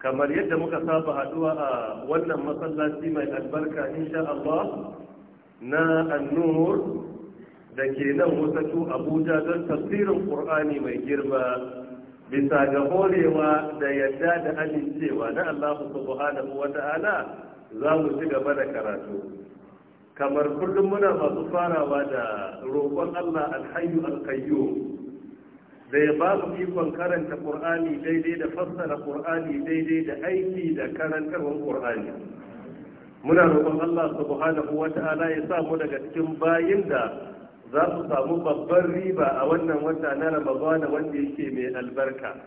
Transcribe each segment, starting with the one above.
kamar yadda muka saba haduwa a wannan masallaci mai albarka insha Allah na annur da ke nan wasatu abuja don tafsirin ƙur'ani mai girma bisa ga horewa da yadda da amincewa na Allah subhanahu wa ta'ala za mu ci gaba da karatu kamar kullum muna masu farawa da roƙon Allah alhayyu alkayyum da ya ba su ikon karanta ƙur'ani daidai da fassara ƙur'ani daidai da aiki da karantarwar ƙur'ani muna roƙon Allah subhanahu ta'ala ya sa mu daga cikin bayin da za su samu babban riba a wannan wata na Ramadana wanda yake mai albarka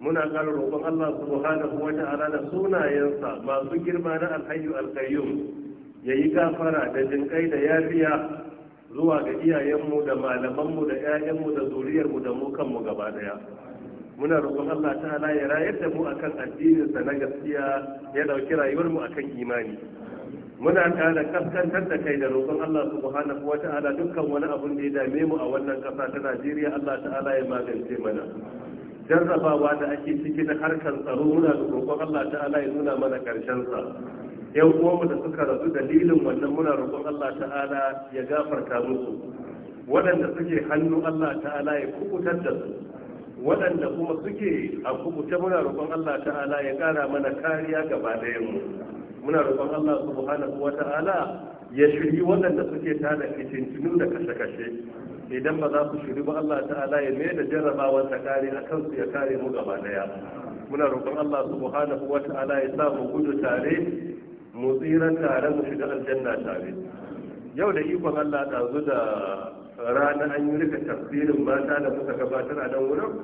muna ƙara roƙon Allah subhanahu ta'ala da sunayensa masu girma na alhayu alhayyu ya yayi gafara da jinƙai da yariya. zuwa ga iyayenmu da malamanmu da 'ya'yanmu da zuriyarmu da mu kanmu gaba daya muna roƙon Allah ta'ala ya rayar da mu akan addinin sa na gaskiya ya dauki rayuwar mu akan imani muna kada kaskantar da kai da roƙon Allah subhanahu wa ta'ala dukkan wani abun da ya dame mu a wannan ƙasa ta Najeriya Allah ta'ala ya magance mana jarrabawa da ake ciki na harkar tsaro muna roƙon Allah ta'ala ya nuna mana karshen sa yan uwanmu da suka rasu dalilin wannan muna roƙon Allah ta'ala ya gafarta musu waɗanda suke hannu Allah ta'ala ya kubutar da su waɗanda kuma suke a kubuta muna roƙon Allah ta'ala ya ƙara mana kariya gaba mu muna roƙon Allah subhanahu wa ta'ala ya shiri waɗanda suke tada fitintinu da kashe-kashe idan ba za su shiri ba Allah ta'ala ya mai da jarrabawar ta kare a kansu ya kare mu gaba ɗaya muna roƙon Allah subhanahu wa ta'ala ya sa mu gudu tare mu tsira tare mu shiga aljanna tare yau da ikon Allah ɗazu da rana an yi rika tafsirin mata da muka gabatar a nan wurin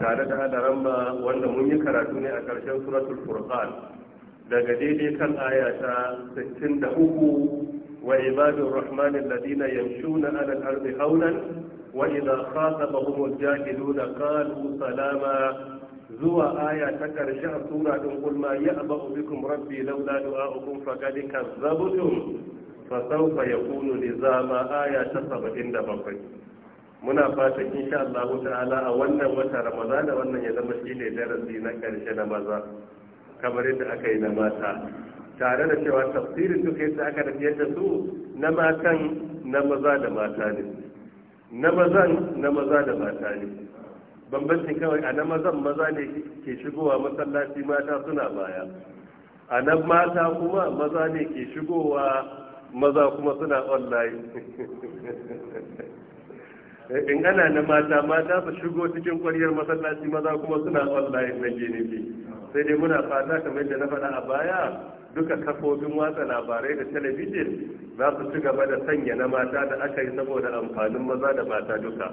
tare da hadaran ba wanda mun yi karatu ne a karshen suratul furqan daga daidai kan aya ta 63 wa ibadur rahman alladhina yamshuna ala al-ardi hawlan wa idha khatabahum al-jahiluna qalu salama zuwa aya ta ƙarshe a sura ɗin kulma ya aba ubikun rabbi laula du'a'ukum faqad kazzabtum fa sawfa yakunu lizama aya ta saba'in da bakwai muna fata insha Allah ta'ala a wannan wata Ramadan da wannan ya zama shi ne darasi na ƙarshe na maza kamar yadda aka yi na mata tare da cewa tafsirin duka yadda aka rafiyar da su na matan na maza da mata ne na mazan na maza da mata ne bambancin kawai a nan mazan maza ne ke shigowa masallaci mata suna baya a nan mata kuma maza ne ke shigowa maza kuma suna online in ana na mata mata su shigo cikin kwaryar masallaci maza kuma suna online na genefi sai dai muna fata kamar da na faɗa a baya duka kafofin watsa labarai da talabijin za su ci gaba da sanya na mata da aka yi saboda amfanin maza da mata duka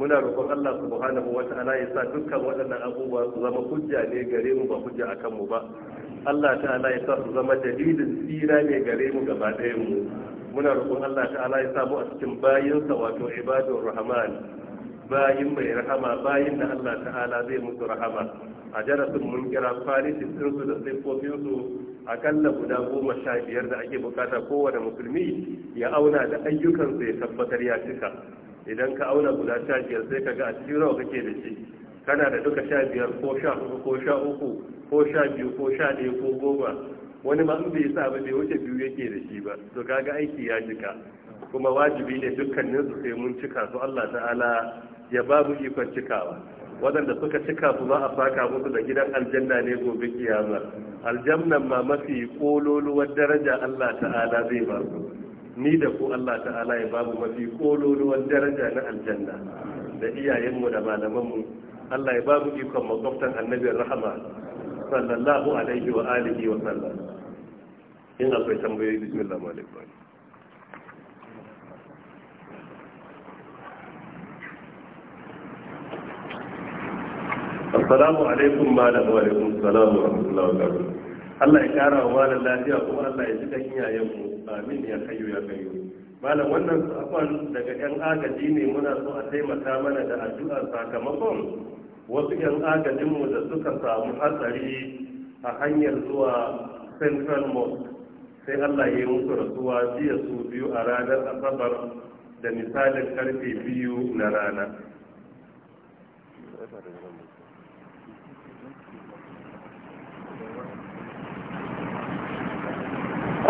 muna roƙon Allah subhanahu wa ta'ala ya sa dukkan waɗannan abubuwa su zama hujja ne gare mu ba hujja akan mu ba Allah ta'ala ya sa su zama dalilin tsira ne gare mu gaba mu muna roƙon Allah ta'ala ya sa mu a cikin bayinsa wato ibadur rahman bayin mai rahama bayin da Allah ta'ala zai musu rahama a darasin mun kira farisin su, da siffofinsu akalla guda goma sha biyar da ake bukata kowane musulmi ya auna da ayyukansu ya tabbatar ya cika idan ka auna guda sha biyar sai ka ga a cikin nawa kake da shi kana da duka sha biyar ko sha uku ko sha uku ko sha biyu ko sha ɗaya ko goma wani ma in bai sa ba bai wuce biyu yake da shi ba to ga aiki ya cika kuma wajibi ne dukkanin su sai mun cika su Allah ta'ala ya babu ikon cikawa waɗanda suka cika su ba a faka musu da gidan aljanna ne gobe kiyama aljannan ma mafi kololuwar daraja Allah ta'ala zai ba su ni da ku Allah ta'ala ya babu mafi kololuwar daraja na aljanna da iyayenmu da malamanmu Allah ya babu ikon makwabtan annabin rahama sallallahu alaihi wa alihi wa sallam in akwai tambayoyi bismillah alaikum assalamu alaikum malam wa alaikum salam wa rahmatullahi wa Allah ya kara wa malam lafiya kuma Allah ya cika kan yin mu amin ya kayo ya kayo malam wannan sakon daga yan agaji ne muna so a taimaka mana da addu'a sakamakon wasu yan agajin mu da suka samu hatsari a hanyar zuwa Central Mosque sai Allah ya yi musu rasuwa jiya su biyu a ranar Asabar da misalin karfe biyu na rana.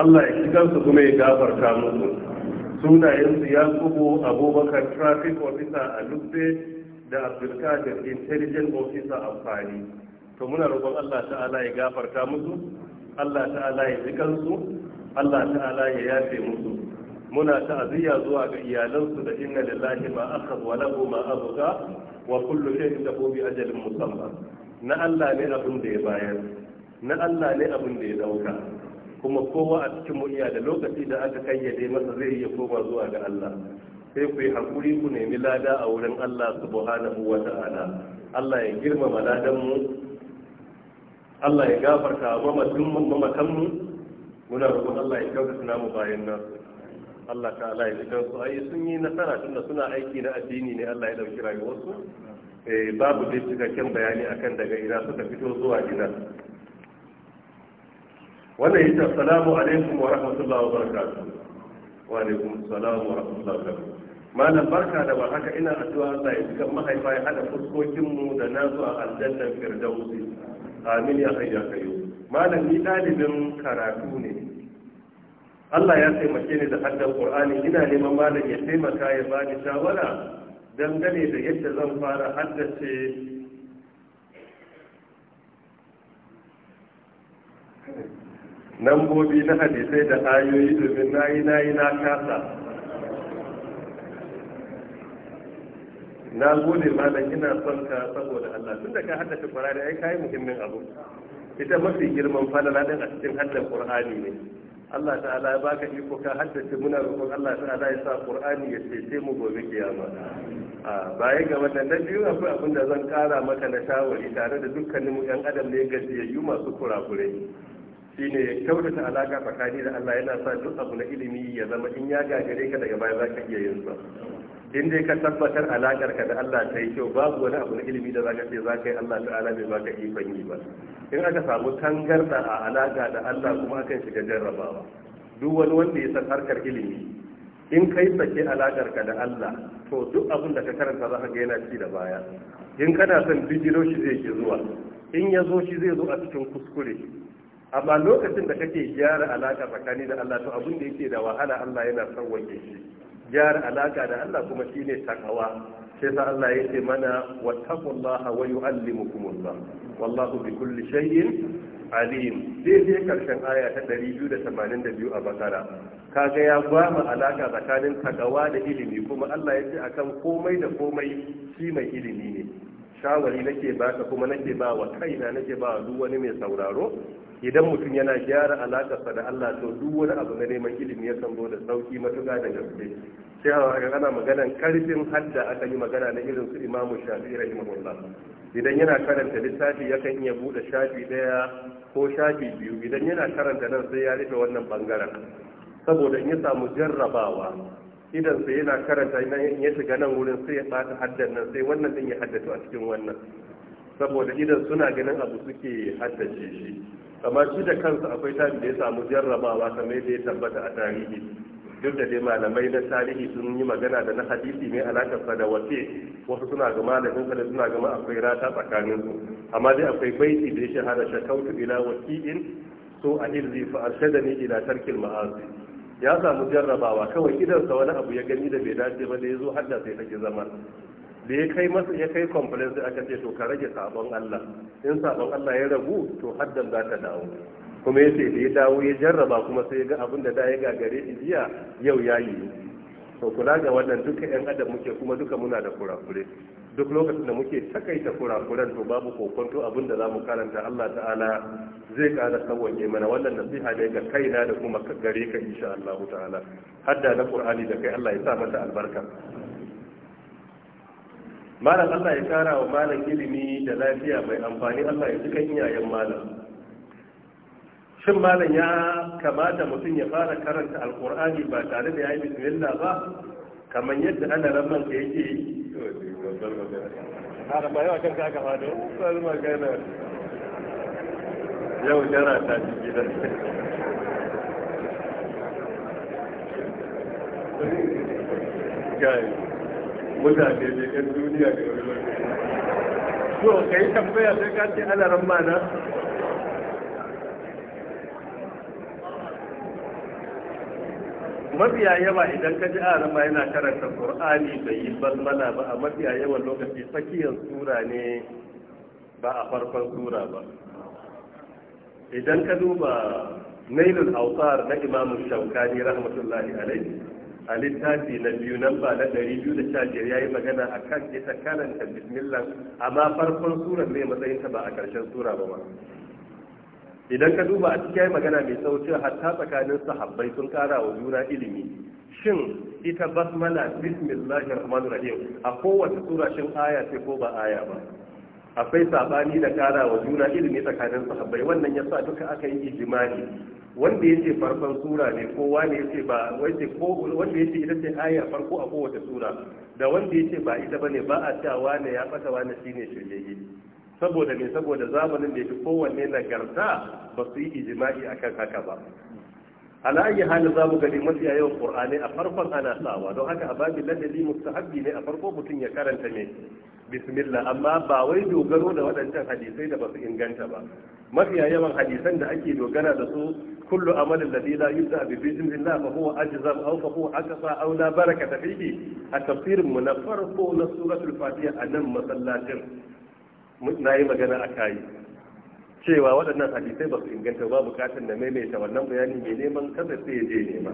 Allah ya shigar su kuma ya gafarta musu sunayensu ya kubo abubakar traffic officer a lufe da abdulkadir intelligent officer amfani to muna roƙon Allah ta'ala ya gafarta musu Allah ta'ala ya jikan su Allah ta'ala ya yafe musu muna ta'aziyya zuwa ga iyalansu da inna lillahi ma akhadha wa lahu ma abqa wa kullu shay'in lahu bi ajalin musamma na Allah ne abin da ya bayar na Allah ne abin da ya dauka kuma kowa a cikin mu iya da lokaci da aka kayyade masa zai iya koma zuwa ga Allah sai ku yi hakuri ku nemi lada a wurin Allah subhanahu wa ta'ala Allah ya girmama ladan mu Allah ya gafarta wa mamatan mu muna roƙon Allah ya kyautata namu bayan nan. Allah ta'ala ya jikan su ai sun yi nasara tunda suna aiki na addini ne Allah ya dauki rayuwarsu eh, babu dai cikakken bayani akan daga ina suka fito zuwa gidan wannan yi salamu alaikum wa rahmatullahi wa barakatu wa alaikum salamu wa rahmatullahi wa barakatu malam barka da ba haka ina addu'a Allah ya cika mahaifa ya hada fuskokin mu da nasu a aljannar firdausi amin ya hayya kayo malam ni dalibin karatu ne Allah ya taimake ni da haddar Qur'ani ina neman malam ya taimaka ya bani shawara dangane da yadda zan fara haddace nambobi na hadisai da ayoyi domin na yi na yi na kasa na gode malam ina son ka saboda Allah tun da ka haddace Qur'ani ai kayi muhimmin abu ita mafi girman falala din a cikin haddan Kur'ani ne Allah ta'ala ya baka iko ka haddace muna roƙon Allah ta'ala ya sa Kur'ani ya cece mu gobe kiyama a baya ga wannan na biyu akwai abin da zan kara maka na shawari tare da dukkanin mu yan adam ne gajiyayyu masu kurakurai shine kyautata alaka tsakani da Allah yana sa duk abu na ilimi ya zama in ya gagare ka daga baya zaka iya yin sa in dai ka tabbatar alakar ka da Allah ta yi kyau babu wani abu na ilimi da zaka ce zaka yi Allah ta'ala bai baka ikon yi ba in aka samu tangarda a alaka da Allah kuma akan shiga jarrabawa duk wani wanda ya san harkar ilimi in kai sake alakar ka da Allah to duk abin da ka karanta zaka ga yana ci da baya in kana son bijiro shi zai ke zuwa in ya zo shi zai zo a cikin kuskure amma lokacin da kake gyara alaka tsakani da Allah to abin da yake da wahala Allah yana wanke shi gyara alaka da Allah kuma shine takawa sai sa Allah yake mana wattaqullaha wa yu'allimukumullah wallahu bi kulli shay'in alim daidai karshen aya ta 282 a bakara kaga ya gwama alaka tsakanin takawa da ilimi kuma Allah yace akan komai da komai shi mai ilimi ne shawari nake baka kuma nake ba wa kaina nake ba duk wani mai sauraro idan mutum yana gyara alakarsa da Allah to duk wani abu na neman ilimi ya san da sauki matuƙa da gaske sai ga ana maganan karfin hadda aka yi magana na irin su Imam Shafi'i rahimahullah idan yana karanta littafi ya kan iya bude shafi daya ko shafi biyu idan yana karanta nan sai ya rufe wannan bangaren saboda in ya samu jarrabawa idan yana karanta in ya shiga nan wurin sai ya haddannan haddan nan sai wannan din ya haddace a cikin wannan saboda idan suna ganin abu suke haddace shi amma shi da kansu akwai tari da ya samu jarrabawa kamar yadda ya tabbata a tarihi duk da dai malamai na tarihi sun yi magana da na hadisi mai sa da wace wasu suna ga malamin sa da suna gama akwai rata tsakanin su amma dai akwai baiti da ya shahara shakautu ila waki'in so a irzi fa arshadani ila tarkil ma'asi ya samu jarrabawa kawai sa wani abu ya gani da bai dace ba da ya zo hadda sai take zama da ya kai masa ya kai complaint sai aka ce to ka rage sabon Allah in sabon Allah ya ragu to haddan za ta dawo kuma yace da ya dawo ya jarraba kuma sai ya ga abin da da ya gagare shi jiya yau yayi to kula ga wannan duka yan adam muke kuma duka muna da kurakure duk lokacin da muke takaita kurakuran to babu kokonto abin da za mu karanta Allah ta'ala zai kara sauwake mana wannan nasiha ne ga kaina da kuma gare ka insha Allah ta'ala hadda na Qur'ani da kai Allah ya sa mata albarka malam Allah ya kara wa malam ilimi da lafiya mai amfani Allah ya cika iyayen malam shin malam ya kamata mutum ya fara karanta alqur'ani ba tare da ya yi bismillah ba kamar yadda ana raman ka yake yau jara ta ci gidan gai mutane ne duniya wani kai tambaya sai ka ce ana mana mafiya yawa idan ka ji arama yana karanta qur'ani bai yi basmala ba a mafiya yawan lokaci tsakiyar sura ne ba a farkon sura ba idan ka duba nailul hausar na imamu shaukani rahmatullahi alaihi a littafi na biyu nan ba na ɗari biyu da sha ya yi magana a kan ita karanta bismillah amma farkon sura ne matsayinta ba a ƙarshen sura ba ba idan ka duba a cikin magana mai sauci hatta tsakanin sahabbai sun kara wa juna ilimi shin ita basmala bismillahir rahmanir rahim a kowace sura shin aya ce ko ba aya ba akwai sabani da kara wa juna ilimi tsakanin sahabbai wannan yasa duka aka yi ijimani wanda ya farkon sura ne kowa ba wanda ita ce aya farko a kowace sura da wanda ya ba ita ba ba a cewa ne ya fata wani shine shirye shiryayye saboda me saboda zamanin da ya fi kowanne nagarta ba su yi ijima'i akan haka ba ala ayi hali za mu gani mafi yawan qur'ani a farkon ana sawa don haka a babin ladabi mustahabbi ne a farko mutum ya karanta ne bismillah amma ba wai dogaro da waɗancan hadisai da ba su inganta ba mafi yawan hadisan da ake dogara da su kullu amalin ladhi la yubda bi bismillah fa huwa ajzam aw fa huwa aqsa aw la baraka fihi a tafsirin mu na farko na suratul fatiha a nan masallacin na yi magana a kayi cewa waɗannan hadisai ba su inganta ba bukatar na maimaita wannan bayani mai neman kada sai ya je nema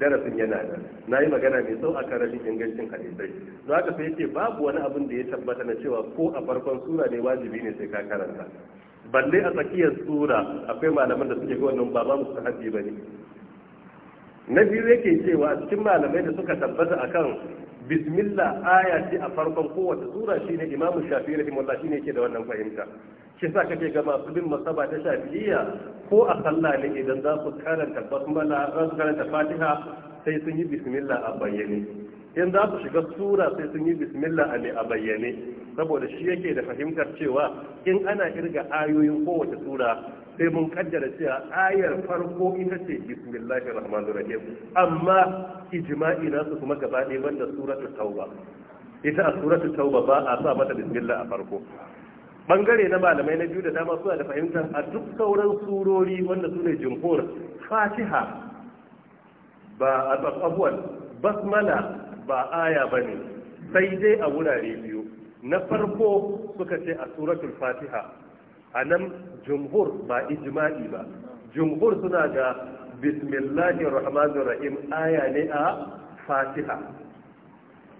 darasin yana da na yi magana mai sau a rashin ingancin hadisai don haka sai ke babu wani abin da ya tabbata na cewa ko a farkon sura ne wajibi ne sai ka karanta balle a tsakiyar sura akwai malaman da suke ga wannan ba ba musu hadisi ba ne na biyu yake cewa cikin malamai da suka tabbata akan bismillah aya ce a farkon kowace sura shine imamu shafi'i rahimahullah shine yake da wannan fahimta shi sa kake ga masu bin masaba ta shafi'iyya ko a sallah ne idan za su karanta basmala za su karanta fatiha sai sun yi bismillah a bayyane in za su shiga sura sai sun yi bismillah a ne a bayyane saboda shi yake da fahimtar cewa in ana kirga ayoyin kowace sura sai mun kaddara cewa ayar farko ita ce bismillahir rahmanir rahim amma ijma'i na su kuma gaba ɗaya banda suratul tauba ita a suratul tauba ba a sa mata bismillah a farko bangare na malamai na biyu da dama suna da fahimtar a duk sauran surori wanda su ne jumhur fatiha ba a tsafafuwan basmala ba aya ba ne sai dai a wurare biyu na farko suka ce a suratul fatiha a nan jumhur ba ijma'i ba jumhur suna ga bismillahir rahmanir rahim aya ne a fatiha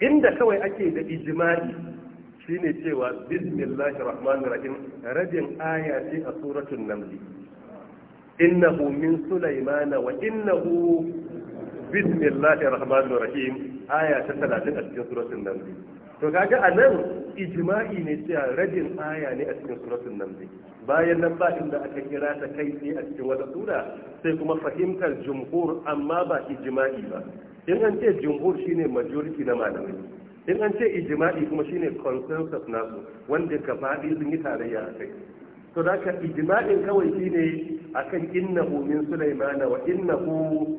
inda kawai ake da ijma'i shine cewa bismillahir rahmanir rahim rabin aya ce a suratul naml innahu min sulaymana wa innahu bismillahir rahmanir rahim aya ta 30 a cikin suratul naml to kaga a nan ijma'i ne cewa rajin aya ne a cikin suratul naml bayan nan ba inda aka kira ta kai tsaye a cikin wata sura sai kuma fahimtar jumhur amma ba ijma'i ba in an ce jumhur shine majority na malamai in an ce ijma'i kuma shine consensus su wanda gabaɗi sun yi tarayya a kai to da ka ijma'in kawai shine akan innahu min sulaimana wa innahu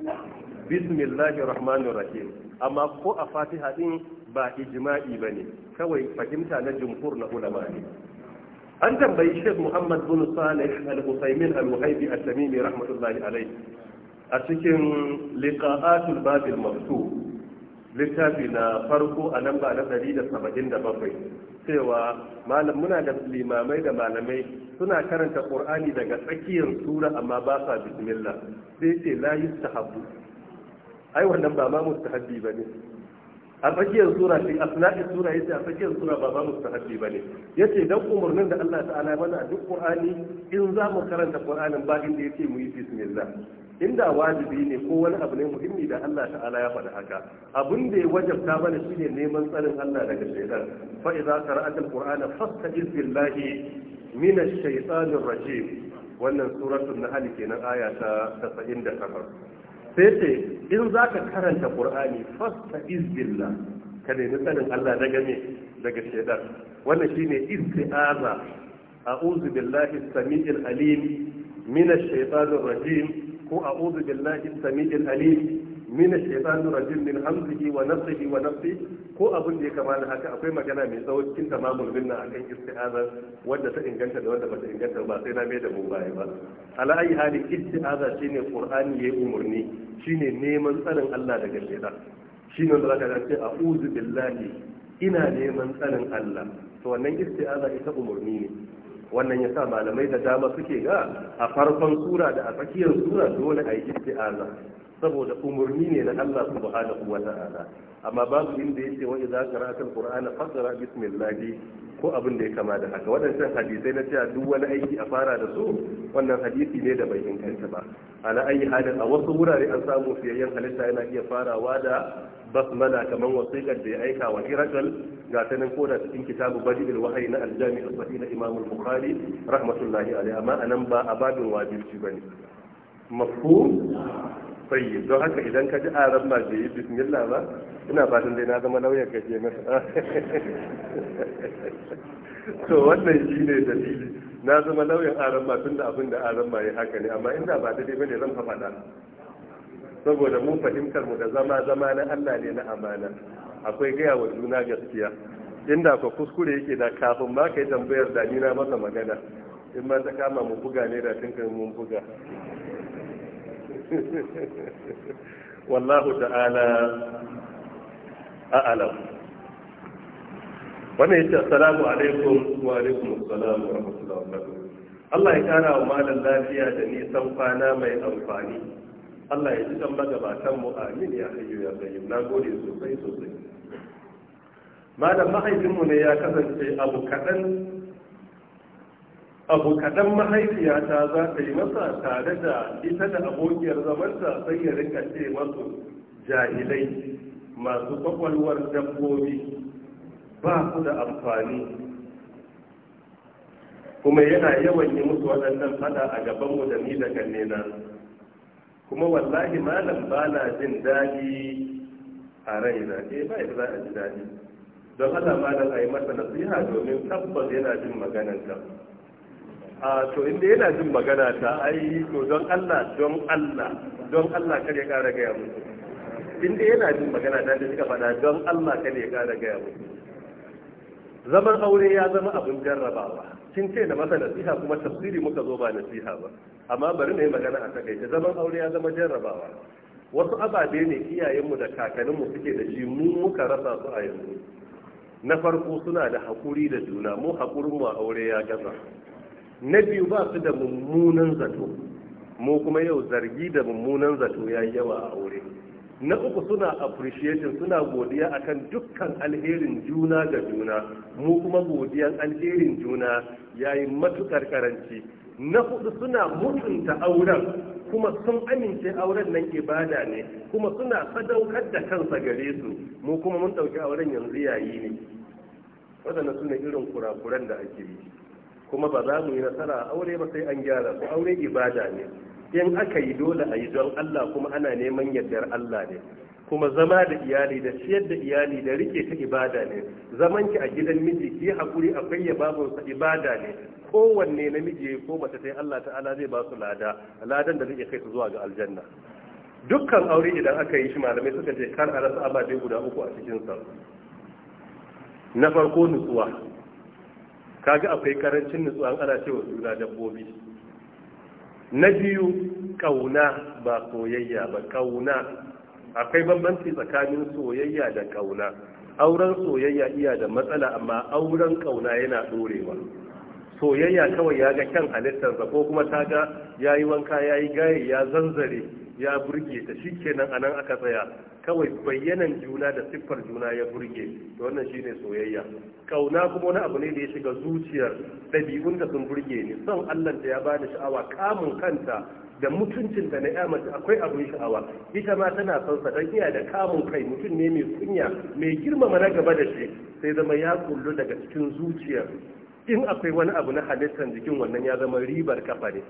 bismillahir rahmanir rahim amma ko a fatiha din ba ijma'i ba ne kawai fahimta na jumhur na ulama ne an tambayi shek muhammad bin salih al-husaymin al muhaybi al-tamimi rahmatullahi alai a cikin liqa'atul babil maftub littafi na farko a lamba na 177 cewa malam muna da limamai da malamai suna karanta qur'ani daga tsakiyar sura amma ba sa bismillah sai ce la yustahabbu ai wannan ba ma mustahabbi bane a tsakiyar sura shi a sinadin sura yace a tsakiyar sura ba ba ne. Ya yace dan umarnin da Allah ta'ala mana a duk ƙur'ani, in za mu karanta ƙur'anin ba inda ce mu yi bismillah inda wajibi ne ko wani abu ne muhimmi da Allah ta'ala ya faɗi haka abin da ya wajabta mana shine neman tsarin Allah daga shaytan fa idza qara'ta faska, qurana fasta'iz billahi min ash-shaytanir rajim wannan suratul nahl kenan aya ta 78 sai ce in za ka karanta ƙur'ani fasta izbillah ka nemi sanin Allah daga me daga shaidar wannan shine isti'aza a'udhu billahi samiil alim min ash-shaytanir rajim ko a'udhu billahi samiil alim Mina shaitanir rajim min hamzihi wa nafsihi wa nafsi ko abin da ya kama haka akwai magana mai tsawo cikin tamamul minna akan istihaza wanda ta inganta da wanda bata inganta ba sai na mai da mu baya ba ala ayi hali istihaza shine qur'ani yayi umurni shine neman tsarin Allah daga shaitan shine da zaka ce a'udhu billahi ina neman tsarin Allah to wannan isti'aza ita umurni ne wannan yasa malamai da dama suke ga a farkon sura da a tsakiyar sura dole a yi isti'aza saboda umarni ne na Allah subhanahu wa ta'ala amma babu inda yake wa idza qara'atul qur'ana faqra bismillah ko abin da ya kama da haka waɗancan hadisai na cewa duk wani aiki a fara da su wannan hadisi ne da bai inganta ba ala ayi halin a wasu wurare an samu fiyayyen halitta yana iya farawa da basmala kamar wasiƙar da ya aika wa hirakal ga ta nan koda cikin kitabu badi wahayi na aljami asbahi na imam bukhari rahmatullahi alaihi amma anan ba a babin wajibi bane mafhum tsayi don haka idan ka ji ran ma bai yi bismillah ba ina fatan dai na zama lauyan ka ke masa to wannan shi ne dalili na zama lauyan ran ma tun da abin da ran ma ya haka ne amma inda ba daidai ba ne zan faɗa saboda mun fahimtar mu da zama zama na Allah ne na amana akwai gaya wa juna gaskiya inda ka kuskure yake da kafin ba ka yi tambayar da ni na masa magana in ma ta kama mu buga ne da tunkan mun buga wallahu ta'ala a'lam wannan yace assalamu alaikum wa alaikum assalam wa rahmatullahi wa barakatuh Allah ya kara wa malam lafiya da nisan kwana mai amfani Allah ya ji dan magabatan mu amin ya hayyu ya qayyim na gode sosai sosai malam mahaifinmu ne ya kasance abu kaɗan abu kaɗan mahaifiyata za ta yi masa tare da ita da abokiyar zamanta sai ya rika ce masu jahilai masu kwakwalwar dabbobi ba ku da amfani kuma yana yawan yi musu waɗannan fada a gabanmu da ni da kannena kuma wallahi malam ba na jin daɗi a raina ke eh, ba ya za a ji daɗi don haɗa malam a yi masa nasiha domin tabbas yana jin maganarta. to inda yana jin magana ta ai to don Allah don Allah don Allah kare ya kara gaya musu inda yana jin magana ta da suka faɗa don Allah kare ya kara gaya musu zaman aure ya zama abin jarrabawa kin ce da masa nasiha kuma tafsiri muka zo ba nasiha ba amma bari na yi magana a takaice zaman aure ya zama jarrabawa wasu ababe ne iyayenmu da kakanninmu suke da shi mu muka rasa su a yanzu na farko suna da haƙuri da juna mu haƙurinmu mu a aure ya gaza na biyu ba su da mummunan zato mu kuma yau zargi da mummunan zato ya yawa a aure na uku suna appreciation suna godiya akan dukkan alherin juna ga juna mu kuma godiyan alherin juna yayi matukar karanci na hudu suna mutunta auren kuma sun amince auren nan ibada ne kuma suna sadaukar da kansa gare su mu kuma mun dauki auren yanzu yayi ne wadannan suna irin kurakuran da ake yi kuma ba za mu yi nasara a aure ba sai an gyara su aure ibada ne in aka yi dole a yi don Allah kuma ana neman yardar Allah ne kuma zama da iyali da ciyar da iyali da rike ta ibada ne zaman ki a gidan miji ki hakuri akwai ya babu sa ibada ne kowanne namiji ko mace sai Allah ta'ala zai ba su lada ladan da zai kai su zuwa ga aljanna dukkan aure idan aka yi shi malamai suka ce kar a rasa ababe guda uku a cikin sa na farko nutsuwa kaga akwai karancin nutsuwa ana cewa juna dabbobi na biyu kauna ba soyayya ba kauna akwai bambanci tsakanin soyayya da kauna auren soyayya iya da matsala amma auren kauna yana ɗorewa. soyayya kawai ya ga kyan halittarsa ko kuma ta ga ya wanka yayi gaye ya zanzare ya burge ta shi shikenan nan aka tsaya kawai bayyanan juna da siffar juna ya burge to wannan shine soyayya kauna kuma wani abu ne da ya shiga zuciyar ɗabi'un da sun burge ni son Allah da ya da sha'awa kamun kanta da mutuncin da na mace akwai abin sha'awa ita ma tana son sa dan iya da kamun kai mutum ne mai kunya mai girmama na gaba da shi sai zama ya kullu daga cikin zuciyar in akwai wani abu na halittar jikin wannan ya zama ribar kafa ne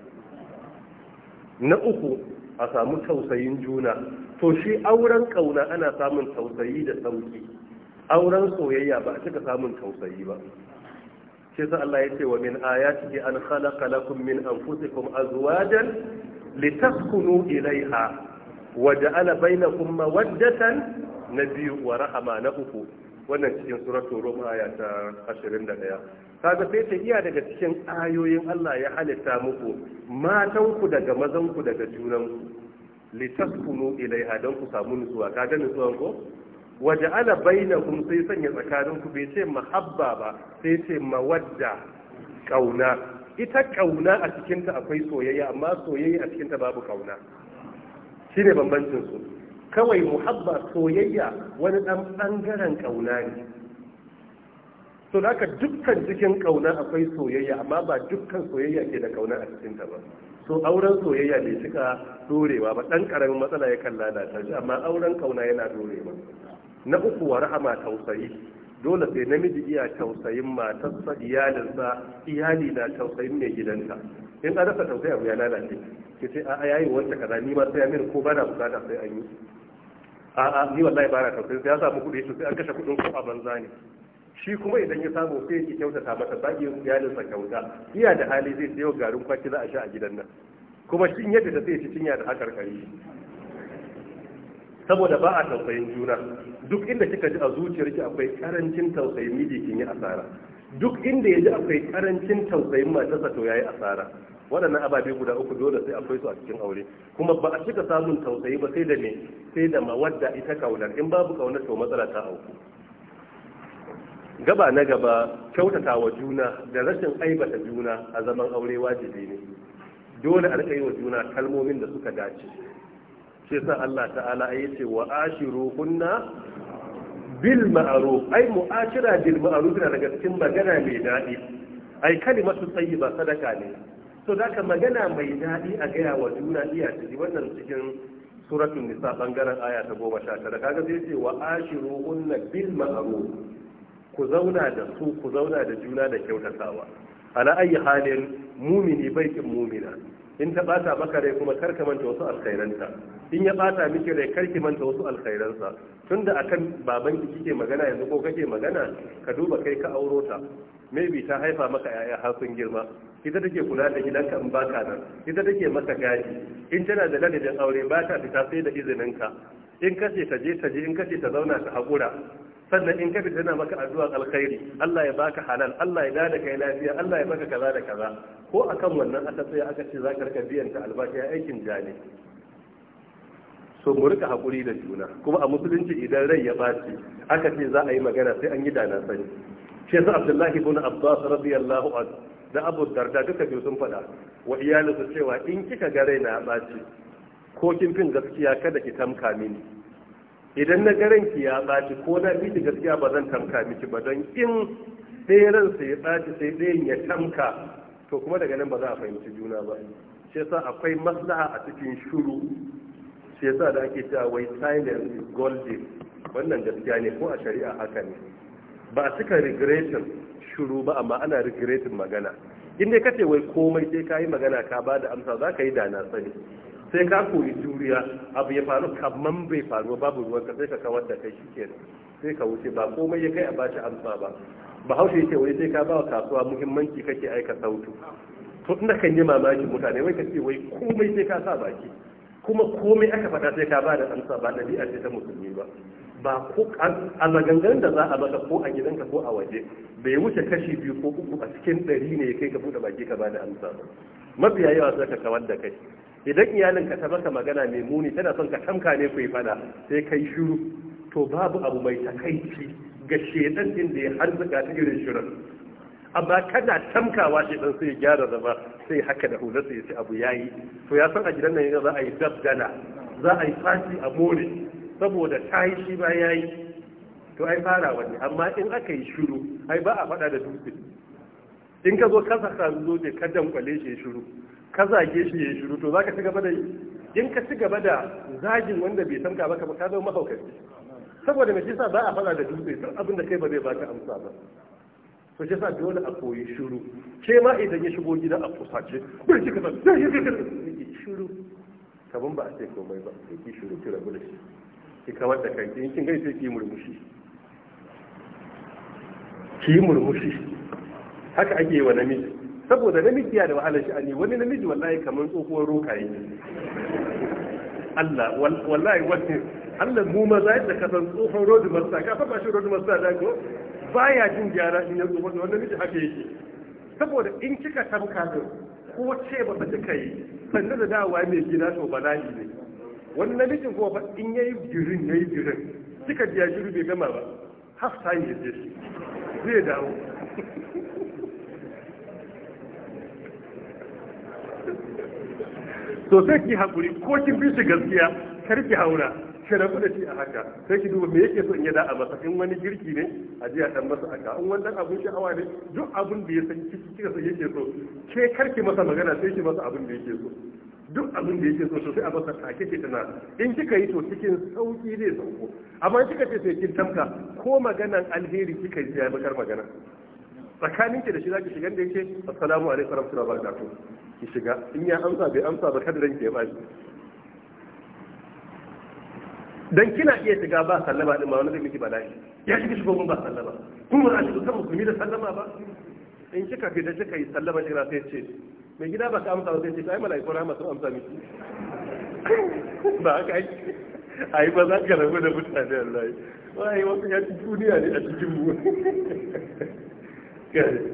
na uku a samu tausayin juna to shi auren kauna ana samun tausayi da sauki auren soyayya ba a cika samun tausayi ba shi sa Allah ya ce wa min ayatihi an khalaqa lakum min anfusikum azwajan litaskunu ilaiha wa ja'ala bainakum mawaddatan nabiyyu wa rahama na uku wannan cikin suratul Roma aya ta 21 kaga sai ta iya daga cikin ayoyin Allah ya halitta muku matan ku daga mazan ku daga junan ku litaskunu ilaiha dan ku samu nutsuwa kaga nutsuwan ko waja'ala bainakum sai sanya tsakanin ku bai ce mahabba ba sai ce wadda kauna ita kauna a cikinta akwai soyayya amma soyayya a cikinta babu kauna shine bambancin su kawai muhabba soyayya wani dan bangaren kauna ne so da ka dukkan cikin kauna akwai soyayya amma ba dukkan soyayya ke da ƙauna a cikin ta ba so auren soyayya ne cika dorewa ba dan karamin matsala ya kan lalata shi amma auren ƙauna yana dorewa na uku wa rahama tausayi dole sai namiji iya tausayin matarsa iyalinsa iyali na tausayin mai gidanta in an rasa tausayi abu ya lalace ke ce a yayin wanda kaza ni ma sai Amir, ko bana bukata sai an yi a'a ni wallahi ba na tausayin sai ya samu kuɗi to sai an kashe kuɗin ko a banza ne shi kuma idan ya samu sai yake kyautata mata baki sa kyauta iya da hali zai sayo garin kwaki za a sha a gidan nan kuma shin yadda ta sai ci cinya da hakar kari saboda ba a tausayin juna duk inda kika ji a zuciyarki akwai karancin tausayin miji kin yi asara duk inda ya ji akwai karancin tausayin matarsa to yayi asara waɗannan ababe guda uku dole sai akwai su a cikin aure kuma ba a cika samun tausayi ba sai da me sai da mawadda ita kaunar in babu kaunar to matsala ta auku gaba na gaba kyautata wa juna da rashin aibata juna a zaman aure wajibi ne dole a rika yi wa juna kalmomin da suka dace shi sa Allah ta'ala ya ce wa ashiru kunna bil ma'ruf ai mu'ashira bil ma'ruf da daga cikin magana mai daɗi ai kalimatu tayyiba sadaka ne so da magana mai daɗi a gaya wa juna iya ciki wannan cikin suratun nisa bangaren aya ta goma sha tara kaga zai ce wa ashiru hunna bil ma'ruf ku zauna da su ku zauna da juna da kyautatawa ala ayi halin mumini bai kin mumina in ta bata maka rai kuma kar ka manta wasu alkhairanta in ya bata miki rai kar ki manta wasu alkhairansa tunda akan baban ki kike magana yanzu ko kake magana ka duba kai ka auro ta maybe ta haifa maka yaya har sun girma ita take kula da gidanka in baka nan ita take maka gadi in tana da ladabin aure ba ta fita sai da izininka in kace ta je ta je in kace ta zauna ta haƙura sannan in ka tana maka addu'a alkhairi Allah ya baka halal Allah ya dada kai lafiya Allah ya baka kaza da kaza ko akan wannan aka tsaya aka ce zaka rika biyan ta albashi ya aikin jani so mu rika hakuri da juna kuma a musulunci idan rai ya baci aka ce za a yi magana sai an yi dana sani shi Abdullahi ibn Abbas radiyallahu anhu da abu darda duka biyu sun faɗa wa iyalinsu cewa in kika ga raina ya ɓaci ko kin fin gaskiya kada ki tamka mini idan na garan ki ya ɓaci ko na fi gaskiya ba zan tamka miki ba don in ɗaya ransa ya ɓaci sai ɗayan ya tamka to kuma daga nan ba za a fahimci juna ba shi yasa akwai maslaha a cikin shuru shi yasa da ake cewa wai silence is wannan gaskiya ne ko a shari'a haka ne ba a cika regression shiru ba amma ana regretin magana in ka ce wai komai sai ka yi magana ka ba da amsa za ka yi da nasani, sani sai ka koyi juriya abu ya faru kamar bai faru babu ruwan sai ka kawar da kai shike sai ka wuce ba komai ya kai a shi amsa ba bahaushe ce wai sai ka ba wa kasuwa muhimmanci kake aika sautu to ina kan yi mamaki mutane wai ka ce wai komai sai ka sa baki kuma komai aka faɗa sai ka ba da amsa ba ɗabi'a ce ta musulmi ba ba ko a maganganun da za a baka ko a gidanka ko a waje bai wuce kashi biyu ko uku a cikin ɗari ne ya kai ka buɗe baki ka bada amsa ba mafiya yawa za ka kawar da kai idan iyalin ka ta baka magana mai muni tana son ka tamka ne ku yi fada sai kai shiru to babu abu mai takaici ga shedan din da ya harzuka ta irin shirin amma kada tamkawa shedan sai ya gyara zama sai haka da hular sai ya ce abu yayi to ya san a gidan nan za a yi dabdala za a yi fashi a more saboda ta yi shi ba ya yi to ai fara wani amma in aka yi shuru, ai ba a faɗa da dutse in ka zo ka saka zo ne ka dankwale shi ya shuru, ka zage shi ya shuru, to za ka ci gaba da in ka ci gaba da zagin wanda bai san ka ba ka zama mahaukaci saboda mai sa ba a faɗa da dutse duk abin da kai ba zai ba ka amsa ba to shi sa dole a koyi shuru. ke ma idan ya shigo gida a ka bai kika san shuru. kaman ba a ce komai ba sai ki shuru, kira gudu shi ki kawar da kai in kin gani sai ki murmushi ki murmushi haka ake yi wa namiji saboda namiji ya da wahalar sha'ani wani namiji wallahi kamar tsohuwar rokaye Allah wallahi wani Allah mu maza yadda ka san tsohon road master ka fa ba shi road master da ko baya jin gyara in ya tsohon wannan namiji haka yake saboda in kika tamka ko ce ba ta kai yi sannan da dawowa mai gida to bala'i ne wani namijin kuma fa in yayi girin yayi girin kika biya ya shiru bai gama ba half time ya je zai dawo to sai ki hakuri ko ki bi shi gaskiya kar ki haura ki rabu da shi a haka sai ki duba me yake so in yada a masa in wani girki ne a ji a dan masa aka in wani dan abun sha'awa ne duk abun da ya san kika so yake so ke karki masa magana sai ki masa abun da yake so duk abin da yake so sosai sai a masa take ce tana in kika yi to cikin sauki zai sauko amma in kika ce sai kin tamka ko maganan alheri kika yi ya bakar magana tsakanin ki da shi zaki shiga da yake assalamu alaikum warahmatullahi wabarakatuh ki shiga in ya amsa bai amsa ba kada ranki ya bani. dan kina iya shiga ba sallama din ma wani zai miki dai ya shiga shi mun ba sallama kun ba a shiga kan musulmi da sallama ba in kika da kika yi sallama kira sai ce mai gida ba ka amsa ba sai ce ai mala'ikun rahama masu amsa miki ba haka a yi ba za ka rabu da mutane Allah yi wasu ya ci duniya ne a cikin mu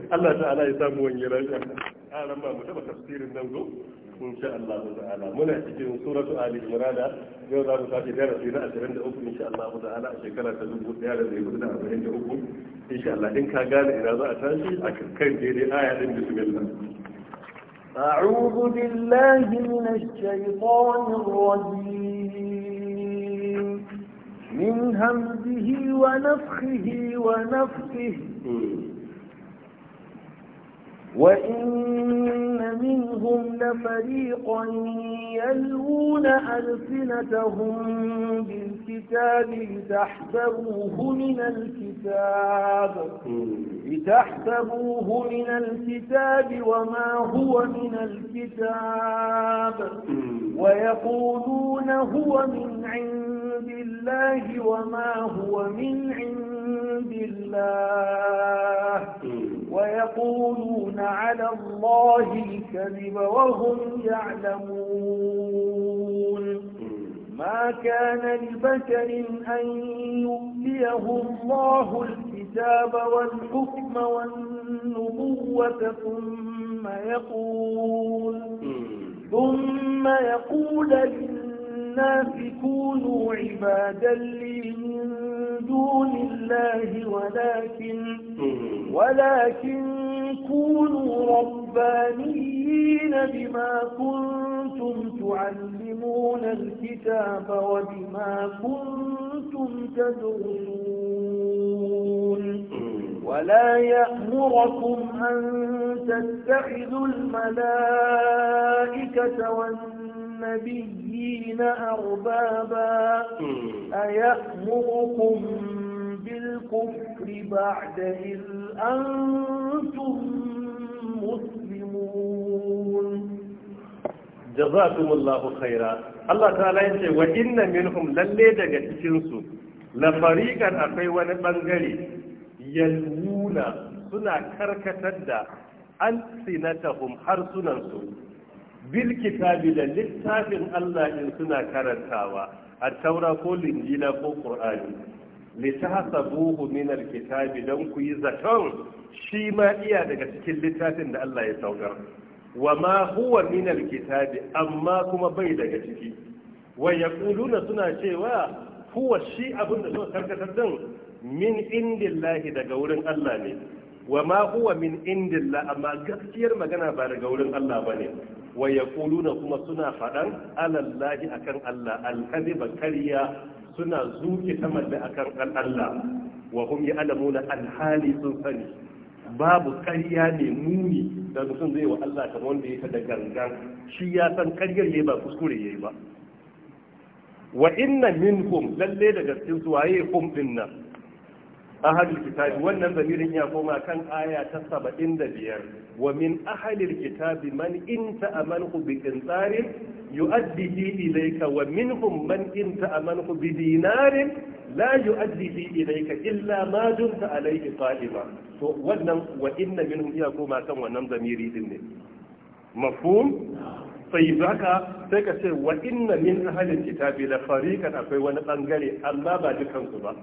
Allah ta'ala ya samu wani rasha a ran ba mu taba tafsirin nan go insha Allah ta'ala muna cikin suratu ali imran yau za mu sake darasi na 23 insha Allah ta'ala a shekara ta 1443 insha Allah in ka gane ina za a tashi a kan daidai aya din bismillah أعوذ بالله من الشيطان الرجيم من همزه ونفخه ونفخه وإن منهم لفريقا يلوون ألسنتهم بالكتاب لتحسبوه من الكتاب لتحسبوه من الكتاب وما هو من الكتاب ويقولون هو من عند الله وما هو من عند بالله ويقولون على الله الكذب وهم يعلمون ما كان لبشر أن يؤتيه الله الكتاب والحكم والنبوة ثم يقول ثم يقول للناس الناس كونوا عبادا لي من دون الله ولكن ولكن كونوا ربانيين بما كنتم تعلمون الكتاب وبما كنتم تدرسون ولا يأمركم أن تتخذوا الملائكة والناس النبيين أربابا أيأمركم بالكفر بعد إذ أنتم مسلمون جزاكم الله خيرا الله تعالى يقول وإن منهم للي دقى تشنسوا لفريقا أخي ونبنغري يلوون سنة كركة دا ألسنتهم حرسننسوا bil kitabi da littafin Allah in suna karantawa a taura ko linjila ko qur'ani litahsabuhu min alkitabi dan ku yi zaton shi ma iya daga cikin littafin da Allah ya saukar wa ma huwa min alkitabi amma kuma bai daga ciki wa yaquluna suna cewa huwa shi abin da suka karkatar din min indillahi daga wurin Allah ne wa ma huwa min indillah amma gaskiyar magana ba daga wurin Allah bane wa na kuma suna faɗan alallahi akan Allah alkadiba kariya suna zuke ta malle akan Allah wa hum ya'lamuna alhali sun sani babu kariya ne muni da mutum zai wa Allah ta wanda ya da gangan shi ya san kariyar ne ba kuskure yayi ba wa inna minkum lalle daga cikin su waye hum dinna ahadul kitabi wannan zamirin ya koma kan aya ta 75 wa min ahalil kitabi man in ta'amanhu bi qintarin yu'addihi ilayka wa minhum man in ta'amanhu bi dinarin la yu'addihi ilayka illa ma dumta alayhi qa'ima to wannan wa inna minhum ya koma kan wannan zamiri ɗin ne mafhum sai zaka sai ka ce wa'inna inna min ahalil kitabi la fariqan akwai wani bangare amma ba dukanku ba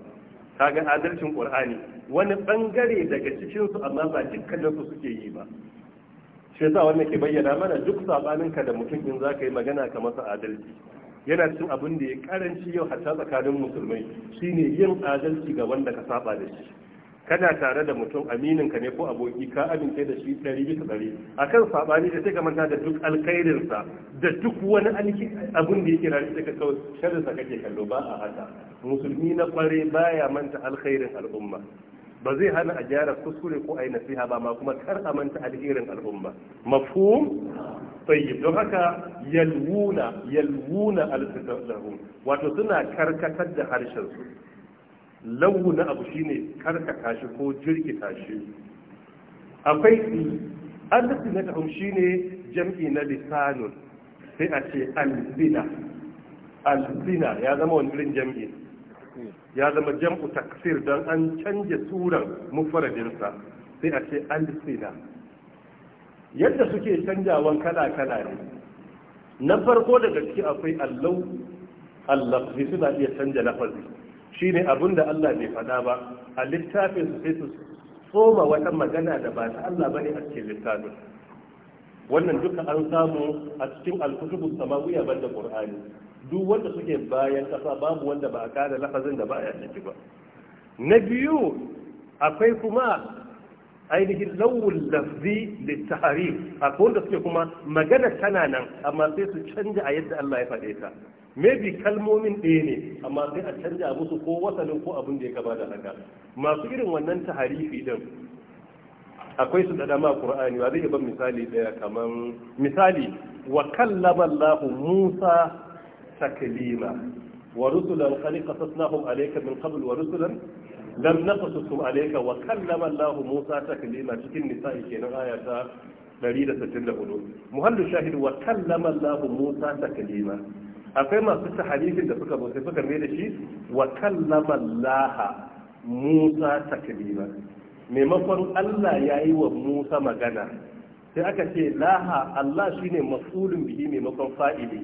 kaga adalcin qur'ani wani bangare daga cikin su amma ba dukkanin su suke yi ba shi yasa wannan ke bayyana mana duk sabaninka da mutum in zaka yi magana ka masa adalci yana cikin abin da ya karanci yau hatta tsakanin musulmai shine yin adalci ga wanda ka saba da shi kana tare da mutum aminin ka ne ko aboki ka amince da shi ɗari bisa ɗari akan sabani da sai manta da duk alkhairinsa da duk wani abin da yake rashi ka kawai sharrinsa kake kallo ba a haka musulmi na kware baya manta alkhairin al'umma ba zai hana a gyara kuskure ko a yi nasiha ba ma kuma kar a manta alherin al'umma mafhum tayyib don haka yalwuna yalwuna alfitalahum wato suna karkatar da harshen su launa na abu shine karkata shi ko jirkita shi akwai alifin na kafin shine jam'i na lisanun sai a ce alzina alzina ya zama wani irin jam'i ya zama jam'u taksir don an canja turan mufaradinsa sai a ce alzina yadda suke canjawan kala-kala ne na farko daga ciki akwai allau allafi suna iya canja lafazi Shi ne abin da Allah bai faɗa ba a littafin su sai su soma wata magana da ba ta Allah bane a cikin littafin wannan duka an samu a cikin alkutubus samawiya da ƙur'ani, duk wanda suke bayan kasa babu wanda ba a kada lafazin da ba ya ciki ba na biyu akwai kuma ainihin lawul lafzi littaharif a wanda suke kuma magana tana nan amma sai su canja a yadda Allah ya faɗe ta maybe kalmomin ɗaya ne amma sai a canja musu ko wasanin ko abin da ya gaba da haka masu irin wannan taharifi din akwai su da ma qur'ani ba zai ban misali ɗaya kaman misali wa kallama Allah Musa taklima wa rusulan qad qasasnahum alayka min qabl wa rusulan lam naqsusum alayka wa kallama Allah Musa taklima cikin nisa'i kenan aya ta 164 muhallu shahid wa kallama Allah Musa taklima akwai masu tahalifin da suka zo sai suka mai da shi wa kallama Allah Musa taklima maimakon Allah ya yi wa Musa magana sai aka ce laha Allah shine mas'ulun bihi maimakon fa'ili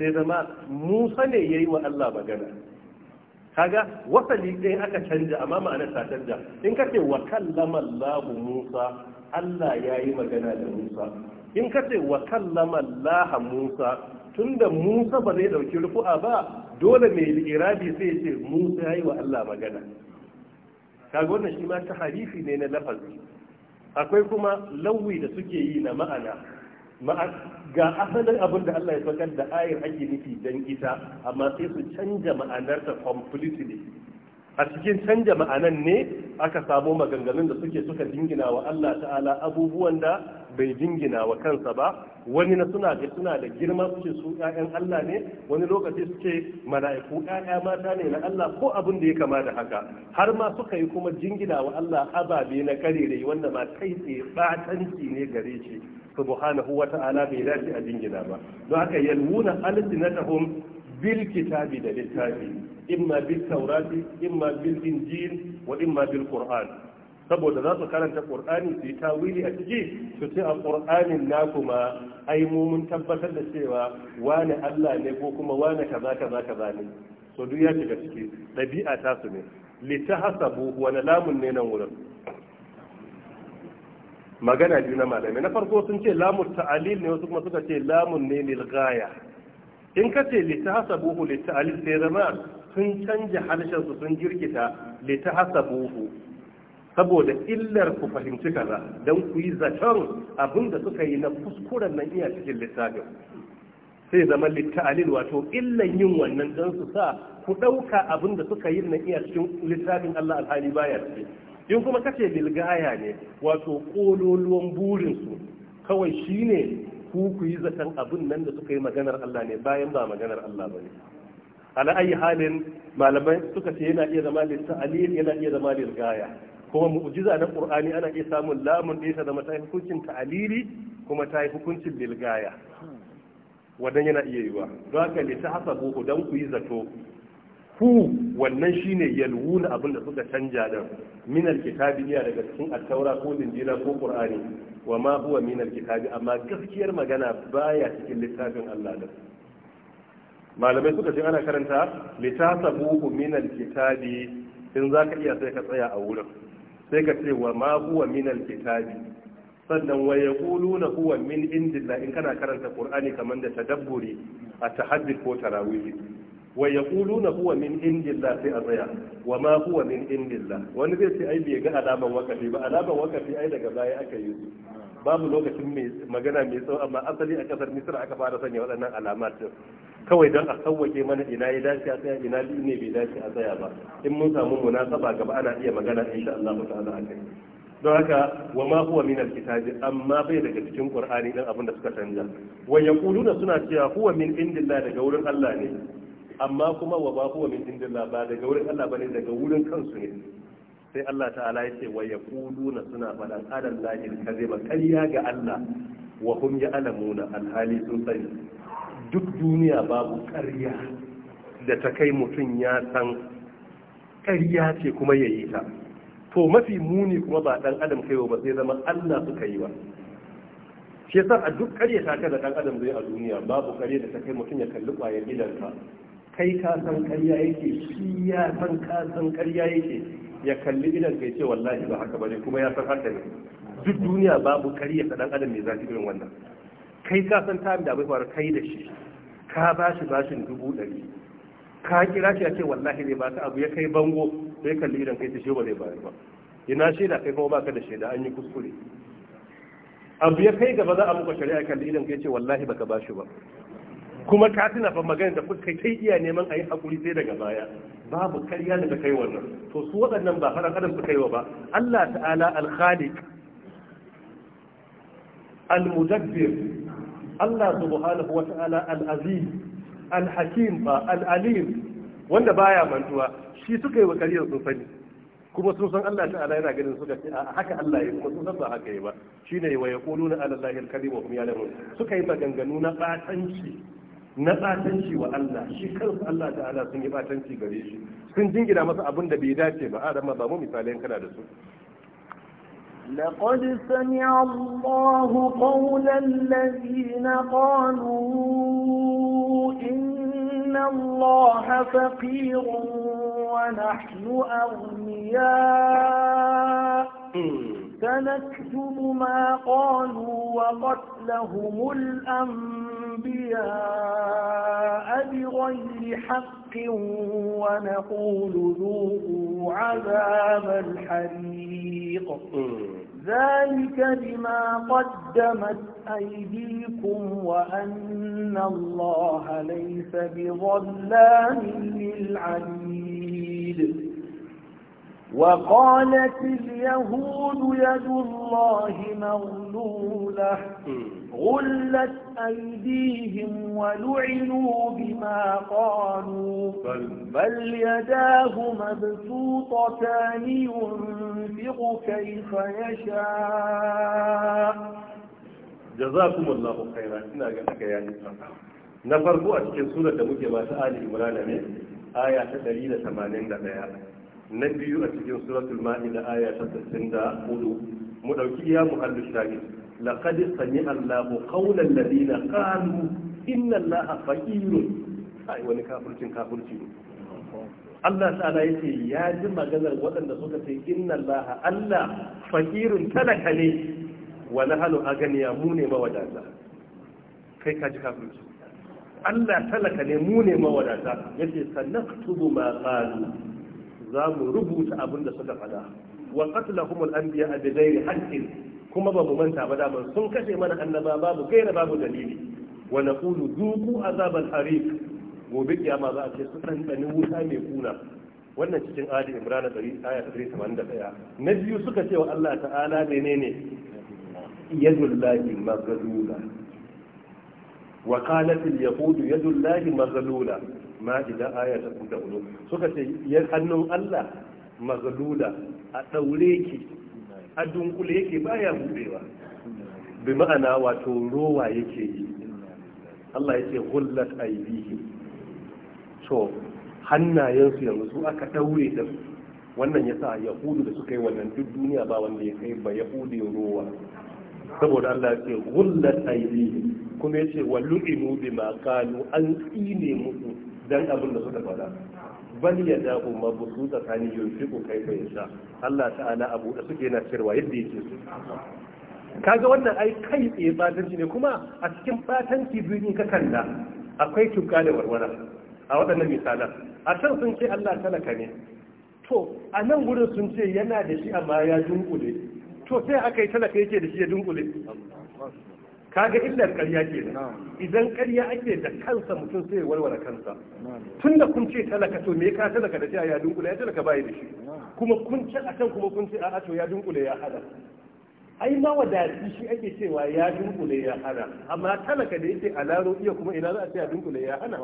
sai zama Musa ne ya yi wa Allah magana kaga wasali ɗaya aka canja amma ma'anar ta canja in ka ce wa kallama Allah Musa Allah ya yi magana da Musa in ka ce wa kallama Allah Musa tunda Musa ba zai dauki rufu'a ba dole mai irabi sai ce Musa ya yi wa Allah magana kaga wannan shi ma ta harifi ne na lafazi akwai kuma lawi da suke yi na ma'ana ga asalin abin da Allah ya fakar da ayar ake nufi don ita amma sai su canja ma'anarta completely a cikin canja ma'anar ne aka samo maganganun da suke suka jingina wa Allah ta'ala abubuwan da bai jingina wa kansa ba wani na suna da suna da girma suke su ƴaƴan Allah ne wani lokaci suke mala'iku ƴaƴa mata ne na Allah ko abin da ya kama da haka har ma suka yi kuma jingina wa Allah ababe na karere wanda ma kai tsaye batanci ne gare shi subhanahu wa ta'ala bai dace a jingina ba don aka yalwuna alsinatahum bil kitabi da littafi imma bil taurati imma bil injil wa imma bil qur'an saboda za su karanta qur'ani su yi tawili a ciki su ce a qur'anin na kuma ai mu mun tabbatar da cewa wani Allah ne ko kuma wani kaza kaza kaza ne so duk ya shiga ciki dabi'a ta su ne litahasabu wa lamun ne nan wurin magana biyu na malamai na farko sun ce lamun ta'alil ne wasu kuma suka ce lamun ne lil gaya in ka ce lita lita'alil sai zama sun canja harshen su sun girgita buhu saboda illar ku fahimci kaza don ku yi zaton abin da suka yi na kuskuren nan iya cikin littafin sai zama alil wato illan yin wannan don su sa ku ɗauka abin da suka yi na iya cikin littafin Allah alhali baya ce in kuma kace bilgaya ne wato kololuwan burinsu kawai shine ku ku yi zaton abin nan da suka yi maganar Allah ne bayan ba maganar Allah ba ne ala ayi halin malamai suka ce yana iya zama lil yana iya zama lil gaya kuma mu'jiza na qur'ani ana iya samun lamun da ta zama ta hukuncin ta'alili kuma ta hukuncin lilgaya. gaya wadan yana iya yiwa don haka li hasabu dan ku yi zato Ku wannan shine yalwuna abin da suka canja da min alkitabi iya daga cikin attaura ko linjila ko qur'ani wa ma huwa min alkitabi amma gaskiyar magana baya cikin littafin Allah din malamai suka ce ana karanta litasabuhu min alkitabi in zaka iya sai ka tsaya a wurin sai ka ce wa ma huwa min alkitabi sannan wa yaquluna huwa min indillah in kana karanta qur'ani kamar da tadabburi a tahajjud ko tarawih wa huwa min indillah sai a tsaya wa ma huwa min indillah wani zai ce ai bai ga alaman wakafi ba alaman wakafi ai daga baya aka yi babu lokacin mai magana mai tsawo amma asali a kasar misira aka fara sanya waɗannan alamat din kawai don a sauwake mana ina ya dace a tsaya ina ne bai dace a tsaya ba in mun samu munasaba gaba ana iya magana insha Allah ta'ala akai don haka wa ma huwa min alkitabi amma bai daga cikin qur'ani din abin da suka canja wa yaquluna suna cewa huwa min indillah daga wurin Allah ne amma kuma wa ba huwa min indillah ba daga wurin Allah bane daga wurin kansu ne sai Allah ta'ala ya ce wa yaquluna suna fadan adam lahil kaziba kariya ga Allah wa hum ya'lamuna alhali sun sani duk duniya babu kariya da ta kai mutum ya san kariya ce kuma yayi ta to mafi muni kuma ba dan adam kaiwa ba sai zama Allah suka yi ba shi yasa a duk kariya ta da dan adam zai a duniya babu kariya da ta kai mutum ya kalli ƙwayar gidanka kai ka san karya yake shi ya san ka san karya yake ya kalli idan kai ce wallahi ba haka bane kuma ya san haka ne duk duniya babu karya ta dan adam mai zafi irin wannan kai ka san ta da bai faru kai da shi ka ba shi bashin dubu ɗari ka kira shi a ce wallahi zai ta abu ya kai bango sai kalli idan kai ce shi ba zai bayar ba ina shaida kai kuma baka da shaida an yi kuskure abu ya kai gaba za a muka shari'a kalli idan kai ce wallahi baka shi ba kuma ka tuna fa magana da kuka kai iya neman a yi hakuri sai daga baya babu karya daga kai wannan to su waɗannan ba fara kadan su kaiwa ba Allah ta'ala al-khaliq al-mudabbir Allah subhanahu wa ta'ala al-aziz al-hakim ba al-alim wanda baya mantuwa shi suka yi wa kariyar sun sani kuma sun san Allah ta'ala yana ganin suka ce a haka Allah yake kuma sun san ba haka yi ba shine wa yaquluna ala allahi al-kalim wa hum ya'lamun suka yi maganganu na batanci na batanci wa Allah shi kansa Allah ta'ala sun yi batanci gare shi sun jingina masa abin da bai dace ba a ba mu misalan kana da su لقد سمع الله قول الذين قالوا إن الله فقير ونحن أغنياء hmm. سنكتب ما قالوا وقتلهم الأنبياء بغير حق ونقول ذوقوا عذاب الحريق ذلك بما قدمت أيديكم وأن الله ليس بظلام للعبيد وقالت اليهود يد الله مغلولة غلت أيديهم ولعنوا بما قالوا بل يداه مبسوطتان ينفق كيف يشاء جزاكم الله خيرا إنا قلتك يا نساء نفرقوا أشكي سورة مجمع آل إمران آية 181 na biyu a cikin suratul ma'ida aya ta 64 mu dauki iya muhallu shahid laqad sami'a Allahu qawla alladhina qalu inna Allaha faqirun sai wani kafircin kafirci ne Allah ta'ala yace ya ji maganar waɗanda suka ce inna Allaha Allah faqirun talaka ne wa nahnu aganiya mu ne mawadata kai ka ji kafirci Allah talaka ne mu ne mawadata yace sanaktubu ma qalu za mu rubuta abin da suka faɗa wa qatlahum an biya bi ghairi haqqin kuma ba mu manta ba daman sun kashe mana annaba babu gaira babu dalili wa naqulu duku azab al-hariq gobe kiyama za a ce su ɗanɗani wuta mai kuna wannan cikin ali imran 100 aya ɗaya. na biyu suka ce wa Allah ta'ala menene yadullahi mazalula wa qalat al yadullahi mazalula ma'ida aya ta kuda ulo suka ce hannun Allah mazalula a ɗaure ki a dunkule yake baya buɗewa bi ma'ana wato rowa yake yi Allah yake hullat aibihi to hannayensu yanzu su aka ɗaure da su wannan yasa yahudu da suka yi wannan duk duniya ba wanda ya kai ba ya yahudu rowa saboda Allah ce hullat aidi kuma yace wa lu'inu bima qalu an tsine musu dan abin da suka fada bal ya da'u ma busu tsakani kai kaifa yasha Allah ta'ala abu da suke na cirwa yadda yake Ka kaga wannan ai kai tsaye batanci ne kuma a cikin batanci biyu ka kanda akwai tuka da warwara a waɗannan misala, a can sun ce Allah talaka ne to a nan gurin sun ce yana da shi amma ya dunkule to sai aka yi talaka yake da shi ya dunkule kaga illar ƙarya ke idan ƙarya ake da kansa mutum sai walwala kansa tun da kun ce talaka to me ka talaka da a ya kula ya talaka bai da shi kuma kun ce a can kuma kun ce a to ya kula ya hada ai ma wadati shi ake cewa ya dunkule ya hana amma talaka da yake a laro iya kuma ina za a ce ya dunkule ya hana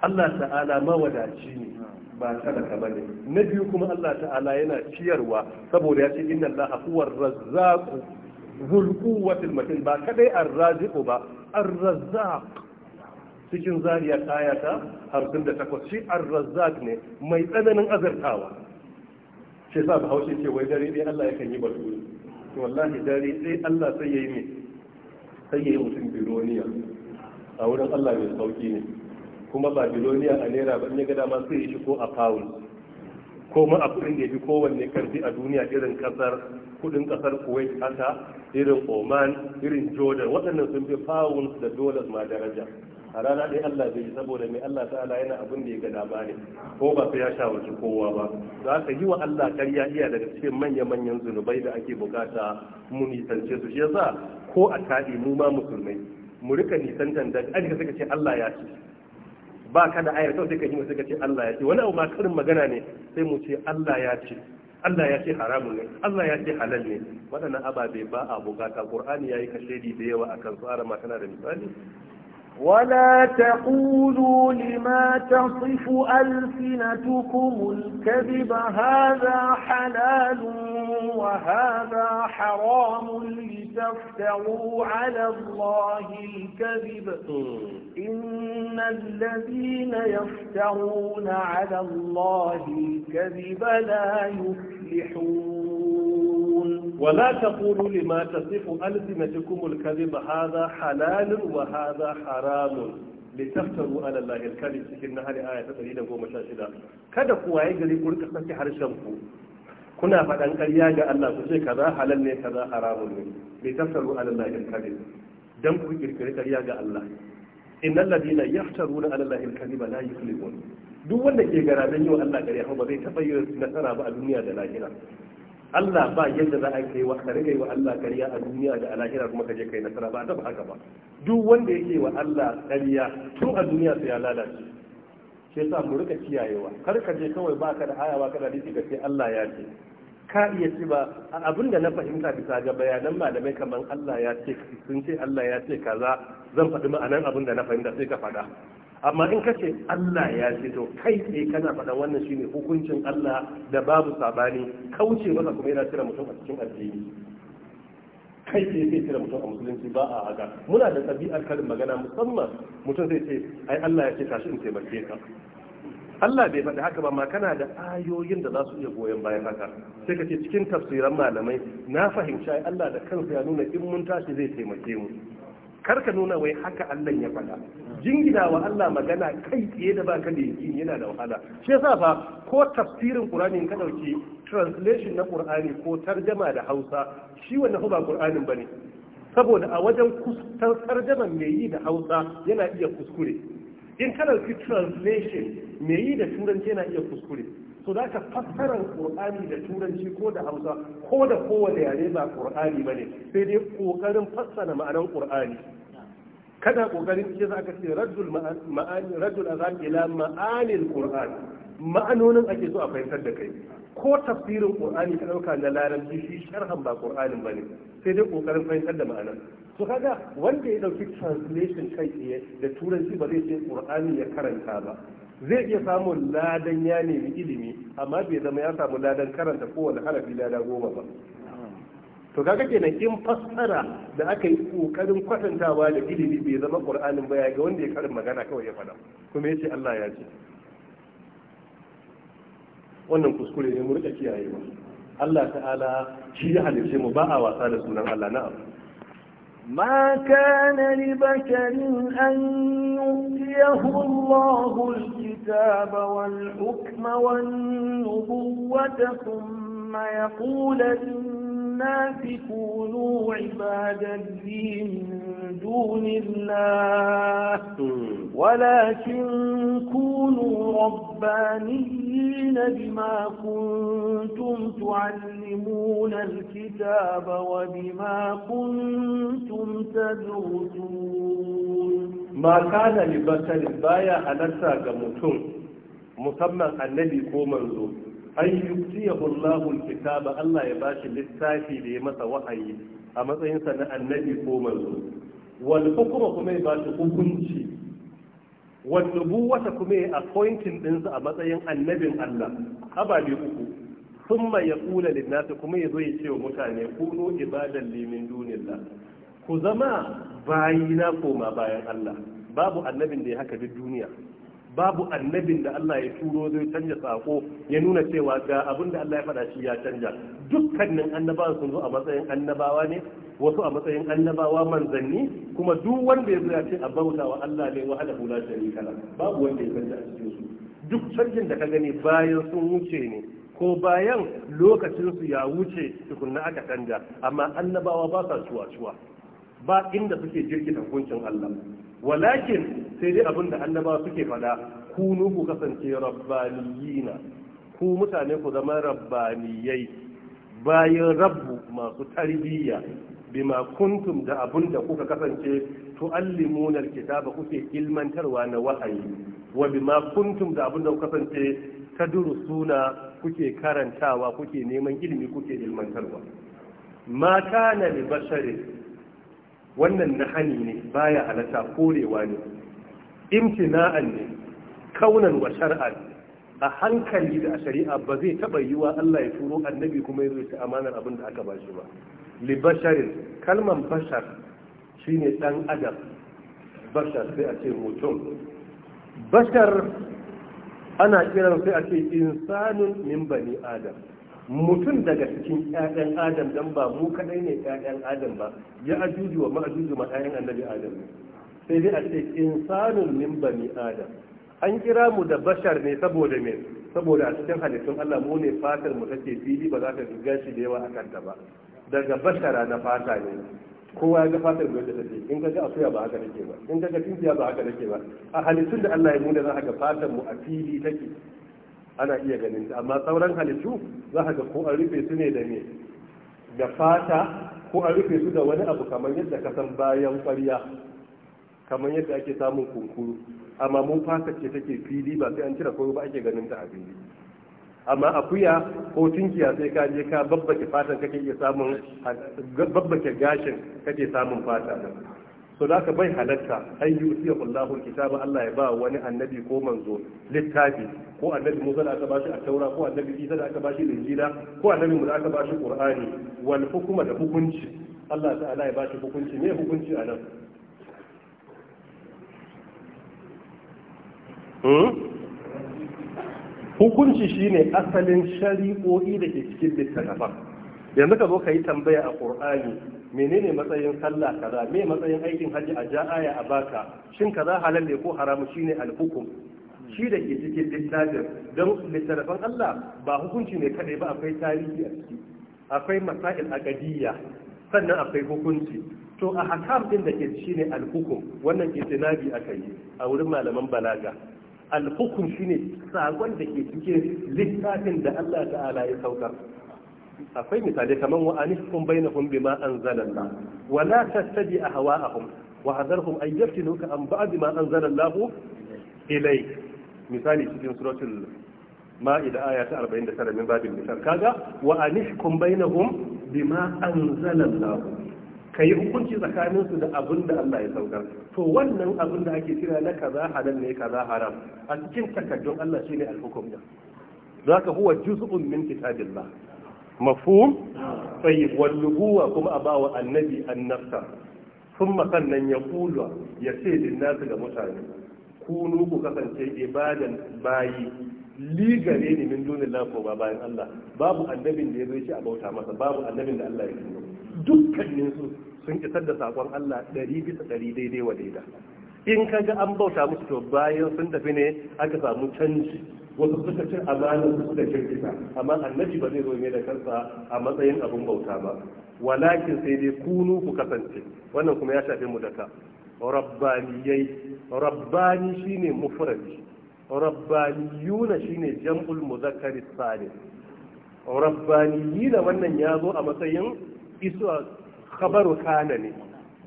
Allah ta'ala mawadaci ne ba talaka ba ne na biyu kuma Allah ta'ala yana ciyarwa saboda ya ce inna Allah huwar razzaqu zulkuwatul matin ba kadai arraziqu ba arrazzaq cikin zariya kaya ta 58 shi arrazzaq ne mai tsananin azartawa shi sa bahaushe ce wai dare dai Allah yakan yi baturi to wallahi dare dai Allah sai yayi ne sai yayi mutum biloniya a wurin Allah mai sauki ne kuma ba bironiya a naira ba, ya ga dama sai ya shi ko a pound Koma abin da ya fi kowanne karfi a duniya irin kasar kudin kasar kuwait haka irin oman irin jordan waɗannan sun fi fawun da dole ma daraja a rana ɗaya Allah zai yi saboda mai Allah ta'ala yana abin da ya ga dama ne ko ba su ya shawarci kowa ba za ka yi wa Allah karya iya daga cikin manya-manyan zunubai da ake bukata mu nisance su shi yasa ko a kaɗi mu ma musulmai mu rika nisantan da ka suka ce Allah ya ci ba ka da ayar kawai sai yi masu ce Allah ya ce wani abu ma karin magana ne sai mu ce Allah ya ce Allah ya ce haramun ne Allah ya ce halal ne waɗannan ababe ba a bukata ya yi kashedi da yawa kan su arama tana da misali ولا تقولوا لما تصف ألسنتكم الكذب هذا حلال وهذا حرام لتفتروا على الله الكذب إن الذين يفترون على الله الكذب لا يفلحون ولا تقولوا لما تصف ألسنتكم الكذب هذا حلال وهذا حرام litaftaru ala lahil kalib cikin na hali aya ta 116 kada ku waye gari ku rika harshen ku kuna faɗan ƙarya ga Allah ku ce kaza halal ne kaza haramun ne litaftaru ala lahil kalib dan ku kirkiri ƙarya ga Allah innal duk wanda ke garaben yau Allah gare ba zai taɓa yin nasara ba a duniya da lahira Allah ba yadda za a kai wa ka rage wa Allah kariya a duniya da alahira kuma ka je kai nasara ba taba haka ba duk wanda yake wa Allah kariya tun a duniya sai ya lalace sai sa mu rika kiyayewa kar ka je kawai ba ka da haya ba ka da hadisi ka ce Allah ya ce ka iya ci ba abinda na fahimta bisa ga bayanan malamai kamar Allah ya ce sun ce Allah ya ce kaza zan faɗi ma'anan abinda na fahimta sai ka faɗa amma in ka ce Allah ya ce to kai tsaye kana faɗa wannan shi ne hukuncin Allah da babu sabani kauce masa kuma yana cire mutum a cikin addini kai tsaye sai cire mutum a musulunci ba a haka muna da ɗabi'ar karin magana musamman mutum zai ce ai Allah ya ce tashi in taimake ka Allah bai faɗi haka ba ma kana da ayoyin da za su iya goyon bayan haka sai ka ce cikin tafsiran malamai na fahimci ai Allah da kansa ya nuna in mun tashi zai taimake mu kar ka nuna wai haka Allah ya faɗa jingina wa Allah magana kai tsaye da baka da yakin yana da wahala shi yasa fa ko tafsirin Qur'ani ka dauki translation na Qur'ani ko tarjama da Hausa shi wannan ba Qur'anin bane saboda a wajen kusantar tarjaman mai yi da Hausa yana iya kuskure in kana translation mai yi da Turanci yana iya kuskure so za ka fassara qur'ani da turanci ko da hausa ko da kowane yare ba qur'ani ba ne sai dai ƙoƙarin fassara ma'anar qur'ani kada ƙoƙarin ce za ka ce raddul ma'ani raddul azab ila ma'anil qur'an ma'anonin ake so a fahimtar da kai ko tafsirin qur'ani ka dauka na larabci shi sharhan ba qur'anin bane sai dai ƙoƙarin fahimtar da ma'anar to kaga wanda ya dauki translation kai tsaye da turanci ba zai ce qur'ani ya karanta ba zai iya samun ladan ya nemi ilimi amma bai zama ya samu ladan karanta kowane harafi lada goma ba to kaga kenan in fassara da aka yi kokarin kwatantawa da ilimi bai zama qur'anin ba ga wanda ya karin magana kawai ya fada kuma yace Allah ya ce wannan kuskure ne mu rika kiyayewa Allah ta'ala shi ya halice mu ba a wasa da sunan Allah na'am ما كان لبشر أن يؤتيه الله الكتاب والحكم والنبوة ثم يقول الناس كونوا عبادا لي من دون الله ولكن كونوا ربانيين بما كنتم تعلمون الكتاب وبما كنتم تدرسون ما كان لبشر بايا أنسى كمتم مسمى النبي كومنزو an yuktiyahu Allahu alkitaba Allah ya bashi littafi da ya masa wa'ayi a matsayinsa na annabi ko manzo wal hukuma kuma ya bashi hukunci wal nubuwata kuma ya appointing din a matsayin annabin Allah ababe uku thumma yaqulu lin-nasi kuma ya zo ya ce wa mutane kunu ibadan li min dunillah ku zama bayina koma bayan Allah babu annabin da ya haka duk duniya babu annabin da Allah ya turo zai canja sako ya nuna cewa ga abin da Allah ya faɗa shi ya canja dukkanin annabawa sun zo a matsayin annabawa ne wasu a matsayin annabawa manzanni kuma duk wanda ya zuya ce a bauta wa Allah ne wahala hada hula kala. babu wanda ya canja a cikin su duk canjin da ka gani bayan sun wuce ne ko bayan lokacinsu ya wuce tukunna aka canja amma annabawa ba sa cuwa-cuwa ba inda suke jirkita hukuncin Allah walakin sai dai abinda da annaba suke faɗa nu ku kasance rabbaniyina ku mutane ku zama rabbaniyai bayan rabbu masu tarbiyya bima kuntum da abin da kuka kasance tu'allimuna alkitaba kuke ilmantarwa na wahayi wa bima kuntum da abin kuka kasance tadrusuna kuke karantawa kuke neman ilimi kuke ilmantarwa ma kana li basharin wannan na hani ne baya halata korewa ne imtina'an ne kaunan wa shar'an a hankali da a shari'a ba zai taba yiwa Allah ya turo annabi kuma ya zo amanar abin da aka bashi ba li basharin kalman bashar shine dan adam bashar sai a ce mutum bashar ana kiran sai a ce insanun min bani adam mutum daga cikin ƴaƴan adam dan ba mu kadai ne ƴaƴan adam ba ya ajuju wa ma'ajuju ma ƴaƴan annabi adam ne sai dai a ce insanun min bani adam an kira mu da bashar ne saboda me saboda a cikin halittun Allah mu ne fatar mu take fili ba za ta shiga shi da yawa akan ta ba daga bashara na fata ne kowa ya ga fatar da take in ka ga akuya ba haka take ba in ka ga tinkiya ba haka take ba a halittun da Allah ya mu da za ka fatar mu a fili take ana iya ganin ta amma sauran halittu za ka ga ko an rufe su ne da ne da fata ko an rufe su da wani abu kamar yadda ka san bayan ƙwarya kamar yadda ake samun kunkuru amma mun fata ce take fili ba sai an cire ko ba ake ganin ta a fili amma akuya ko tunkiya sai ka je ka babbake fatan kake iya samun babbake gashin kake samun fata so da ka bai halatta an yi usiya kullahu kitaba Allah ya ba wani annabi ko manzo littafi ko annabi Musa da aka bashi a taura ko annabi Isa da aka bashi injila ko annabi Musa da aka bashi Qur'ani wal hukuma da hukunci Allah ta'ala ya bashi hukunci me hukunci a nan hmm? hukunci shine asalin shari'o'i da ke cikin littafin yanzu ka zo ka yi tambaya a Qur'ani menene matsayin sallah kaza me matsayin aikin hajji a ja ya a baka shin kaza halal ne ko haramu shine alhukum shi da ke cikin littafin don littafin Allah ba hukunci ne kadai ba akwai tarihi a ciki akwai masail aqadiyya sannan akwai hukunci to a hakam din da ke shine alhukum wannan itinabi aka yi a wurin malaman balaga alhukum shine sakon da ke cikin littafin da Allah ta'ala ya saukar akwai misali kamar wa anihum bainahum bima anzalallah wa la tattabi ahwa'ahum wa hadarhum an yaftinuka an ba'd ma anzalallahu ilay misali cikin suratul ma'ida aya ta 49 min babin misal kaga wa anihkum bainahum bima anzalallahu ka yi hukunci tsakaninsu da abin da Allah ya saukar to wannan abin da ake kira na kaza halal ne kaza haram a cikin takaddun Allah shine al-hukum da zaka huwa juz'un min kitabillah mafhum sai wallubuwa kuma a bawa annabi annabta thumma sannan ya kula ya ce din nasu ga mutane kunu ku kasance ibadan bayi ligare ne min dunin lafi ba bayan Allah babu annabin da ya zai shi a bauta masa babu annabin da Allah ya tuno dukkanin su sun isar da sakon Allah ɗari bisa ɗari daidai wa daida in kaga an bauta musu to bayan sun tafi ne aka samu canji wasu suka cin amanar su da kirkita amma annabi ba zai zo ne da kansa a matsayin abun bauta ba walakin sai dai kunu ku kasance wannan kuma ya shafi mu daka rabbaniyai rabbani shine mufradi rabbaniyuna shine jam'ul muzakkari salim rabbaniyina wannan ya zo a matsayin isu khabaru kana ne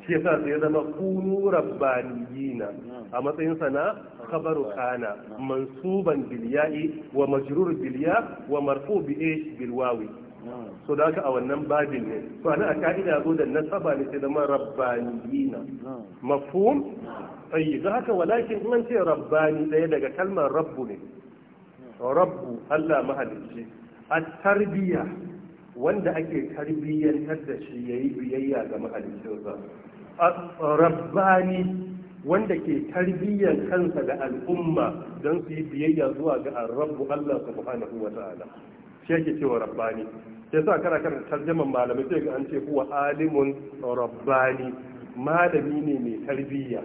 shi yasa sai zama kunu rabbaniyina a matsayin sana khabaru kana mansuban bil wa majrur Bilya wa marfu bi ish so da haka a wannan babin ne to ana a ka'ida zo da nasaba ne sai zama rabbaniyina mafhum tayyib haka walakin in an ce rabbani daya daga kalmar rabbu ne rabbu Allah mahalicci at-tarbiya wanda ake tarbiyyantar da shi yayi biyayya ga mahaliccinsa rabbani wanda ke tarbiyyar kansa da al'umma don su yi biyayya zuwa ga rabbu Allah subhanahu wa ta'ala shi yake cewa rabbani Ke sa kana karanta tarjaman malamai sai ga an ce huwa alimun rabbani malami ne mai tarbiyya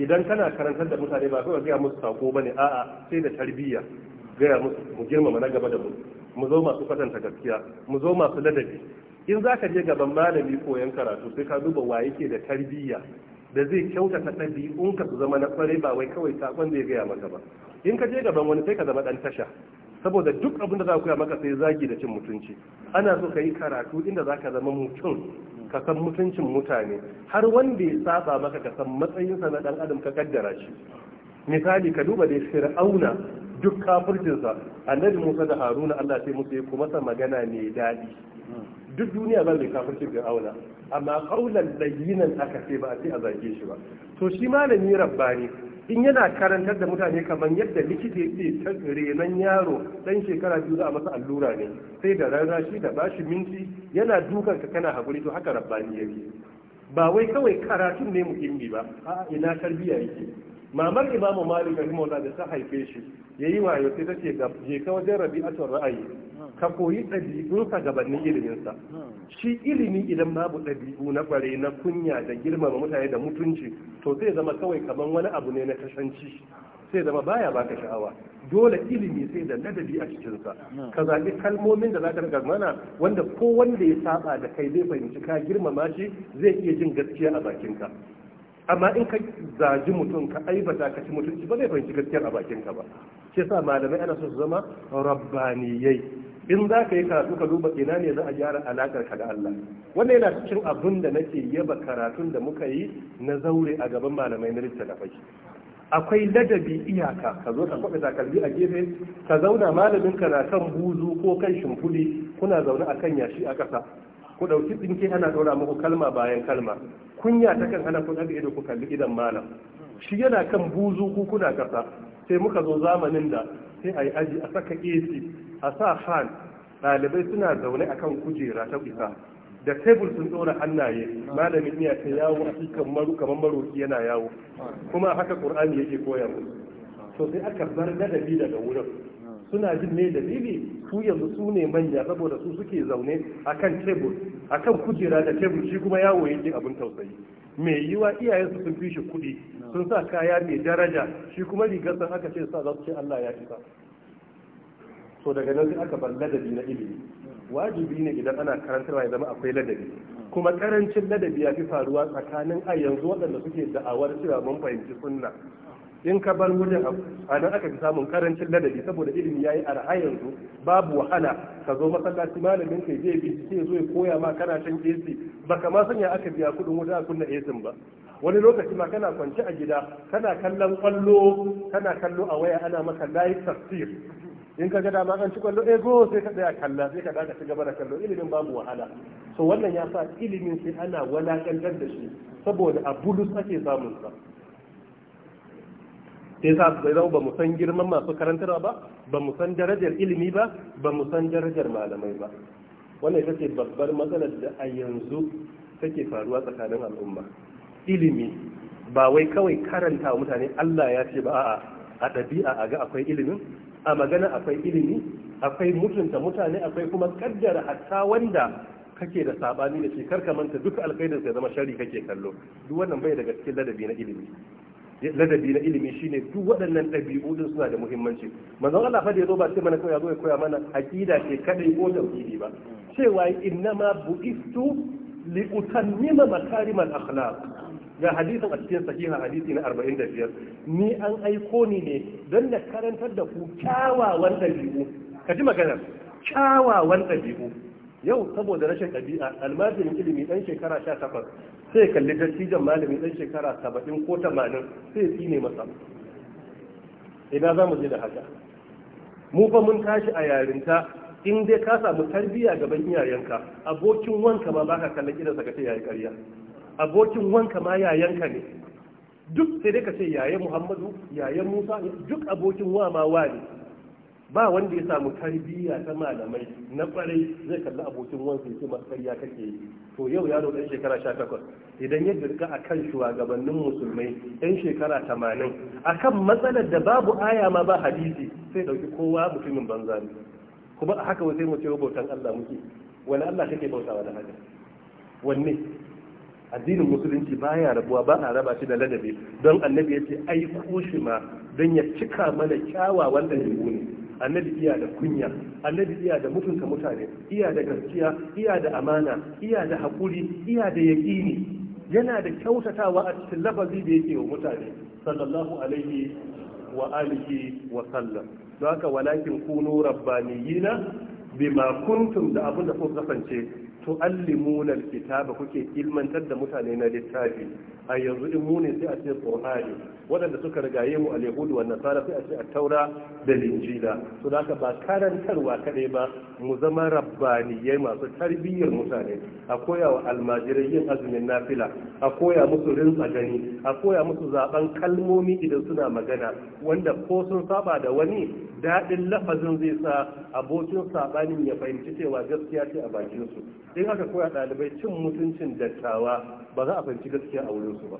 idan kana karantar da mutane ba kawai gaya musu sako bane a'a sai da tarbiyya gaya musu mu girmama na gaba da mu mu zo masu kwatanta gaskiya mu zo masu ladabi in za ka je gaban malami koyon karatu sai ka duba wa yake da tarbiyya da zai kyautata ɗabi'unka su zama na tsare ba wai kawai sakon da ya gaya maka ba in ka je gaban wani sai ka zama ɗan tasha saboda duk abin da za ku koya maka sai zagi da cin mutunci ana so ka yi karatu inda za ka zama mutum ka san mutuncin mutane har wanda ya saba maka ka san matsayinsa na ɗan adam ka kaddara shi misali ka duba da fir'auna duk kafircinsa annabi musa da haruna allah sai musu ya kuma sa magana mai daɗi duk duniya ba mai kafirci auna, amma kaulan layyinan aka ce ba a ce a zage shi ba to shi malami rabbani in yana karantar da mutane kamar yadda likita yake ta renon yaro dan shekara biyu za a masa allura ne sai da rana shi da bashi minti yana dukan ka kana hakuri to haka rabbani yake ba wai kawai karatun ne muhimmi ba a ina tarbiyya yake mamar imamu malik rahimahullah da ta haife shi ya yayi wayo sai take ga je ka wajen can ra'ayi ka koyi ɗabi'un ka gabanin ilimin shi ilimi idan babu ɗabi'u na ƙware na kunya da girmama mutane da mutunci to zai zama kawai kamar wani abu ne na kashanci sai zama baya baka sha'awa dole ilimi sai da ladabi a cikinsa ka zaɓi kalmomin da za ka rigar mana wanda ko wanda ya saba da kai zai fahimci ka girmama shi zai iya jin gaskiya a bakinka amma in ka zaji mutum ka aibata ka ci mutunci ba zai fahimci gaskiyar a bakin ka ba shi sa malamai ana so su zama rabbaniyai in za ka yi karatu ka duba ina ne za a gyara alakar ka da Allah wannan yana cikin abun da nake yaba karatun da muka yi na zaure a gaban malamai na littattafai akwai ladabi iyaka ka zo ka kwaɓe takalmi a gefe ka zauna malamin ka na kan buzu ko kan shimfuli kuna zaune a kan yashi a ƙasa ku ɗauki tsinke ana ɗora muku kalma bayan kalma kunya ta kan hana ku ɗaga ido ku kalli idan malam shi yana kan buzu ku kuna kasa sai muka zo zamanin da sai a aji a saka AC a sa fan ɗalibai suna zaune akan kujera ta isa da tebul sun ɗora hannaye malamin iya ta yawo a cikin maru kamar maroki yana yawo kuma haka ƙur'ani yake koya mu to sai aka bar ladabi daga wurin suna jin ne dalili su yanzu su ne manya saboda su suke zaune a kan tebur a kan kujera da tebur shi kuma yawo yake abin tausayi mai yiwa iyayensu sun fi shi kuɗi sun sa kaya mai daraja shi kuma rigar sun aka ce sa za su ce Allah ya isa so daga nan aka bar ladabi na ilimi wajibi ne idan ana karantarwa ya zama akwai ladabi kuma karancin ladabi ya fi faruwa tsakanin a yanzu waɗanda suke da'awar cewa mun fahimci sunna in ka bar wurin a nan aka fi samun karancin ladabi saboda ilimi ya yi arha yanzu babu wahala ka zo masallaci malamin ka zai bincike ya zo ya koya ma kana shan AC ka ma sanya aka biya kudin wuta a kunna AC ba wani lokaci ma kana kwance a gida kana kallon kwallo kana kallo a waya ana maka layi tafsir in ka ga dama an ci kwallo eh go sai ka tsaya kalla sai ka daga ci gaba da kallo ilimin babu wahala so wannan ya sa ilimin sai ana walakantar da shi saboda a bulus ake samun sa sai sa su zai ba mu san girman masu karantarwa ba ba mu san darajar ilimi ba ba mu san darajar malamai ba wannan ita ce babbar matsalar da a yanzu take faruwa tsakanin al'umma ilimi ba wai kawai karanta mutane Allah ya ce ba a'a a ɗabi'a a ga akwai ilimin a magana akwai ilimi akwai mutunta mutane akwai kuma kaddara hatta wanda kake da saɓani da shi kar ka manta duk alkhairin sai zama shari kake kallo duk wannan bai daga cikin ladabi na ilimi ladabi na ilimi shine duk waɗannan ɗabi'u din suna da muhimmanci manzon Allah fa da yazo ba sai mana kawai yazo ya koya mana aqida ce kadai ko tauhidi ba cewa inna ma bu'istu li utammima makarimal akhlaq ga hadisin a cikin sahiha hadisi na 45 ni an aiko ni ne don na karantar da ku kyawawan ɗabi'u ka ji maganar kyawawan ɗabi'u yau saboda rashin ɗabi'a almajirin ilimi ɗan shekara sha takwas sai kalli dattijan malami ɗan shekara saba'in ko tamanin sai ne masa ina za mu je da haka mu fa mun tashi a yarinta in dai ka samu tarbiyya gaban iyayenka abokin wanka ma baka kallon idan saka ta yayi ƙarya abokin wanka ma yayanka ne duk sai dai ka ce yaye Muhammadu yaye Musa duk abokin wa ma wa ne ba wanda ya samu tarbiyya ta malamai na kwarai zai kalli abokin wansa ya ce matsariya kake yi to yau yaro dan shekara sha takwas idan ya dirka a kan shugabannin musulmai yan shekara tamanin akan matsalar da babu aya ma ba hadisi sai dauki kowa mutumin banza ne kuma a haka sai mu ce bautan Allah muke wani Allah kake bautawa da haka wanne addinin musulunci baya rabuwa ba a raba shi da ladabi don annabi ya ce ai shi ma don ya cika mana kyawawan ɗabi'u ne annabi iya da kunya annabi iya da mutunta mutane iya da gaskiya iya da amana iya da haƙuri iya da yaƙini yana da kyautatawa a cikin lafazi da yake wa mutane sallallahu alaihi wa alihi wa sallam don haka walakin kunu rabbaniyina bima kuntum da abin da kuka kasance tu'allimuna alkitaba kuke ilmantar da mutane na littafi a yanzu in mu ne sai a ce qur'ani wadanda suka rigaye mu al wa nasara sai a ce taura da linjira to da ka ba karantarwa kadai ba mu zama rabbaniyai masu tarbiyyar mutane a koyawa wa almajirai yin azumin nafila a koya musu rinsa gani a koya musu zaben kalmomi idan suna magana wanda ko sun saba da wani daɗin lafazin zai sa abokin saɓanin ya fahimci cewa gaskiya ce a bakin su in aka koya ɗalibai cin mutuncin dattawa ba za a fahimci gaskiya a wurinsu ba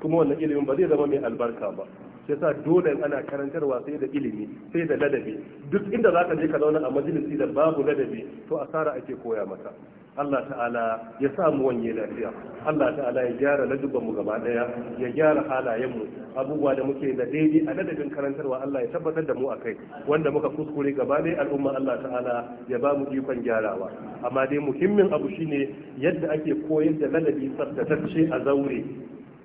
kuma wannan ilimin ba zai zama mai albarka ba sai sa dole ana karantarwa sai da ilimi sai da ladabi duk inda za ka je ka zauna a majalisi da babu ladabi to asara ake koya mata Allah ta'ala ya samu wanye lafiya Allah ta'ala ya gyara mu gaba daya ya gyara halayen mu abubuwa da muke da daidai a ladabin karantarwa Allah ya tabbatar da mu akai wanda muka kuskure gaba daya al'umma Allah ta'ala ya ba mu ikon gyarawa amma dai muhimmin abu shine yadda ake koyar da ladabi tsaftatacce a zaure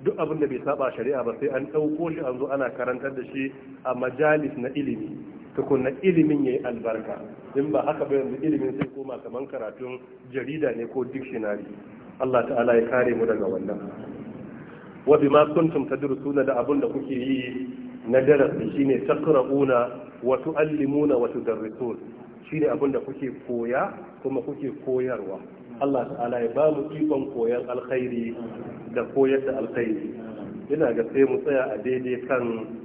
duk abin da bai saba shari'a ba sai an ɗauko shi an zo ana karantar da shi a majalis na ilimi tukunna ilimin ya yi albarka in ba haka ba yanzu ilimin sai koma kaman karatun jarida ne ko dictionary Allah ta'ala ya kare mu daga wannan wa bima kuntum tadrusuna da abun da kuke yi na darasi shine takrauna wa tu'allimuna wa tudarrisun shine abun da kuke koya kuma kuke koyarwa Allah ta'ala ya ba mu ikon koyan alkhairi da koyar da alkhairi ina ga sai mu tsaya a daidai kan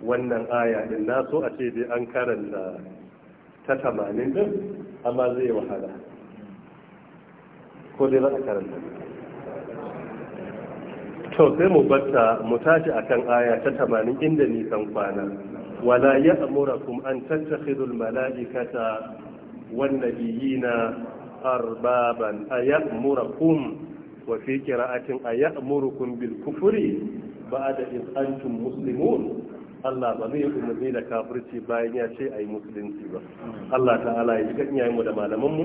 wannan aya din na so a ce dai an karanta ta tamanin din amma zai wahala ko dai za a karanta to sai mu batta mu tashi akan aya ta tamanin inda nisan kwana wala ya'murakum an tattakhidul mala'ikata wan nabiyina arbaban ayamurakum wa fi qira'atin ayamurkum bil kufri ba'da id antum muslimun Allah ba zai umarni da kafirci bayan ya ce a yi musulunci ba Allah ta'ala ya jikan iyayenmu da malamanmu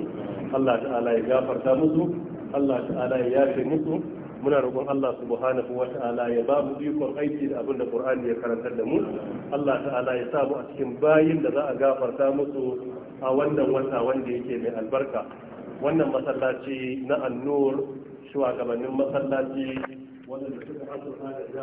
Allah ta'ala ya gafarta musu Allah ta'ala ya yafe musu muna roƙon Allah subhanahu wa ta'ala ya ba mu ikon aiki da abin da Qur'ani ya karantar da mu Allah ta'ala ya sa mu a cikin bayin da za a gafarta musu a wannan wata wanda yake mai albarka wannan masallaci na annur shugabannin masallaci wanda suka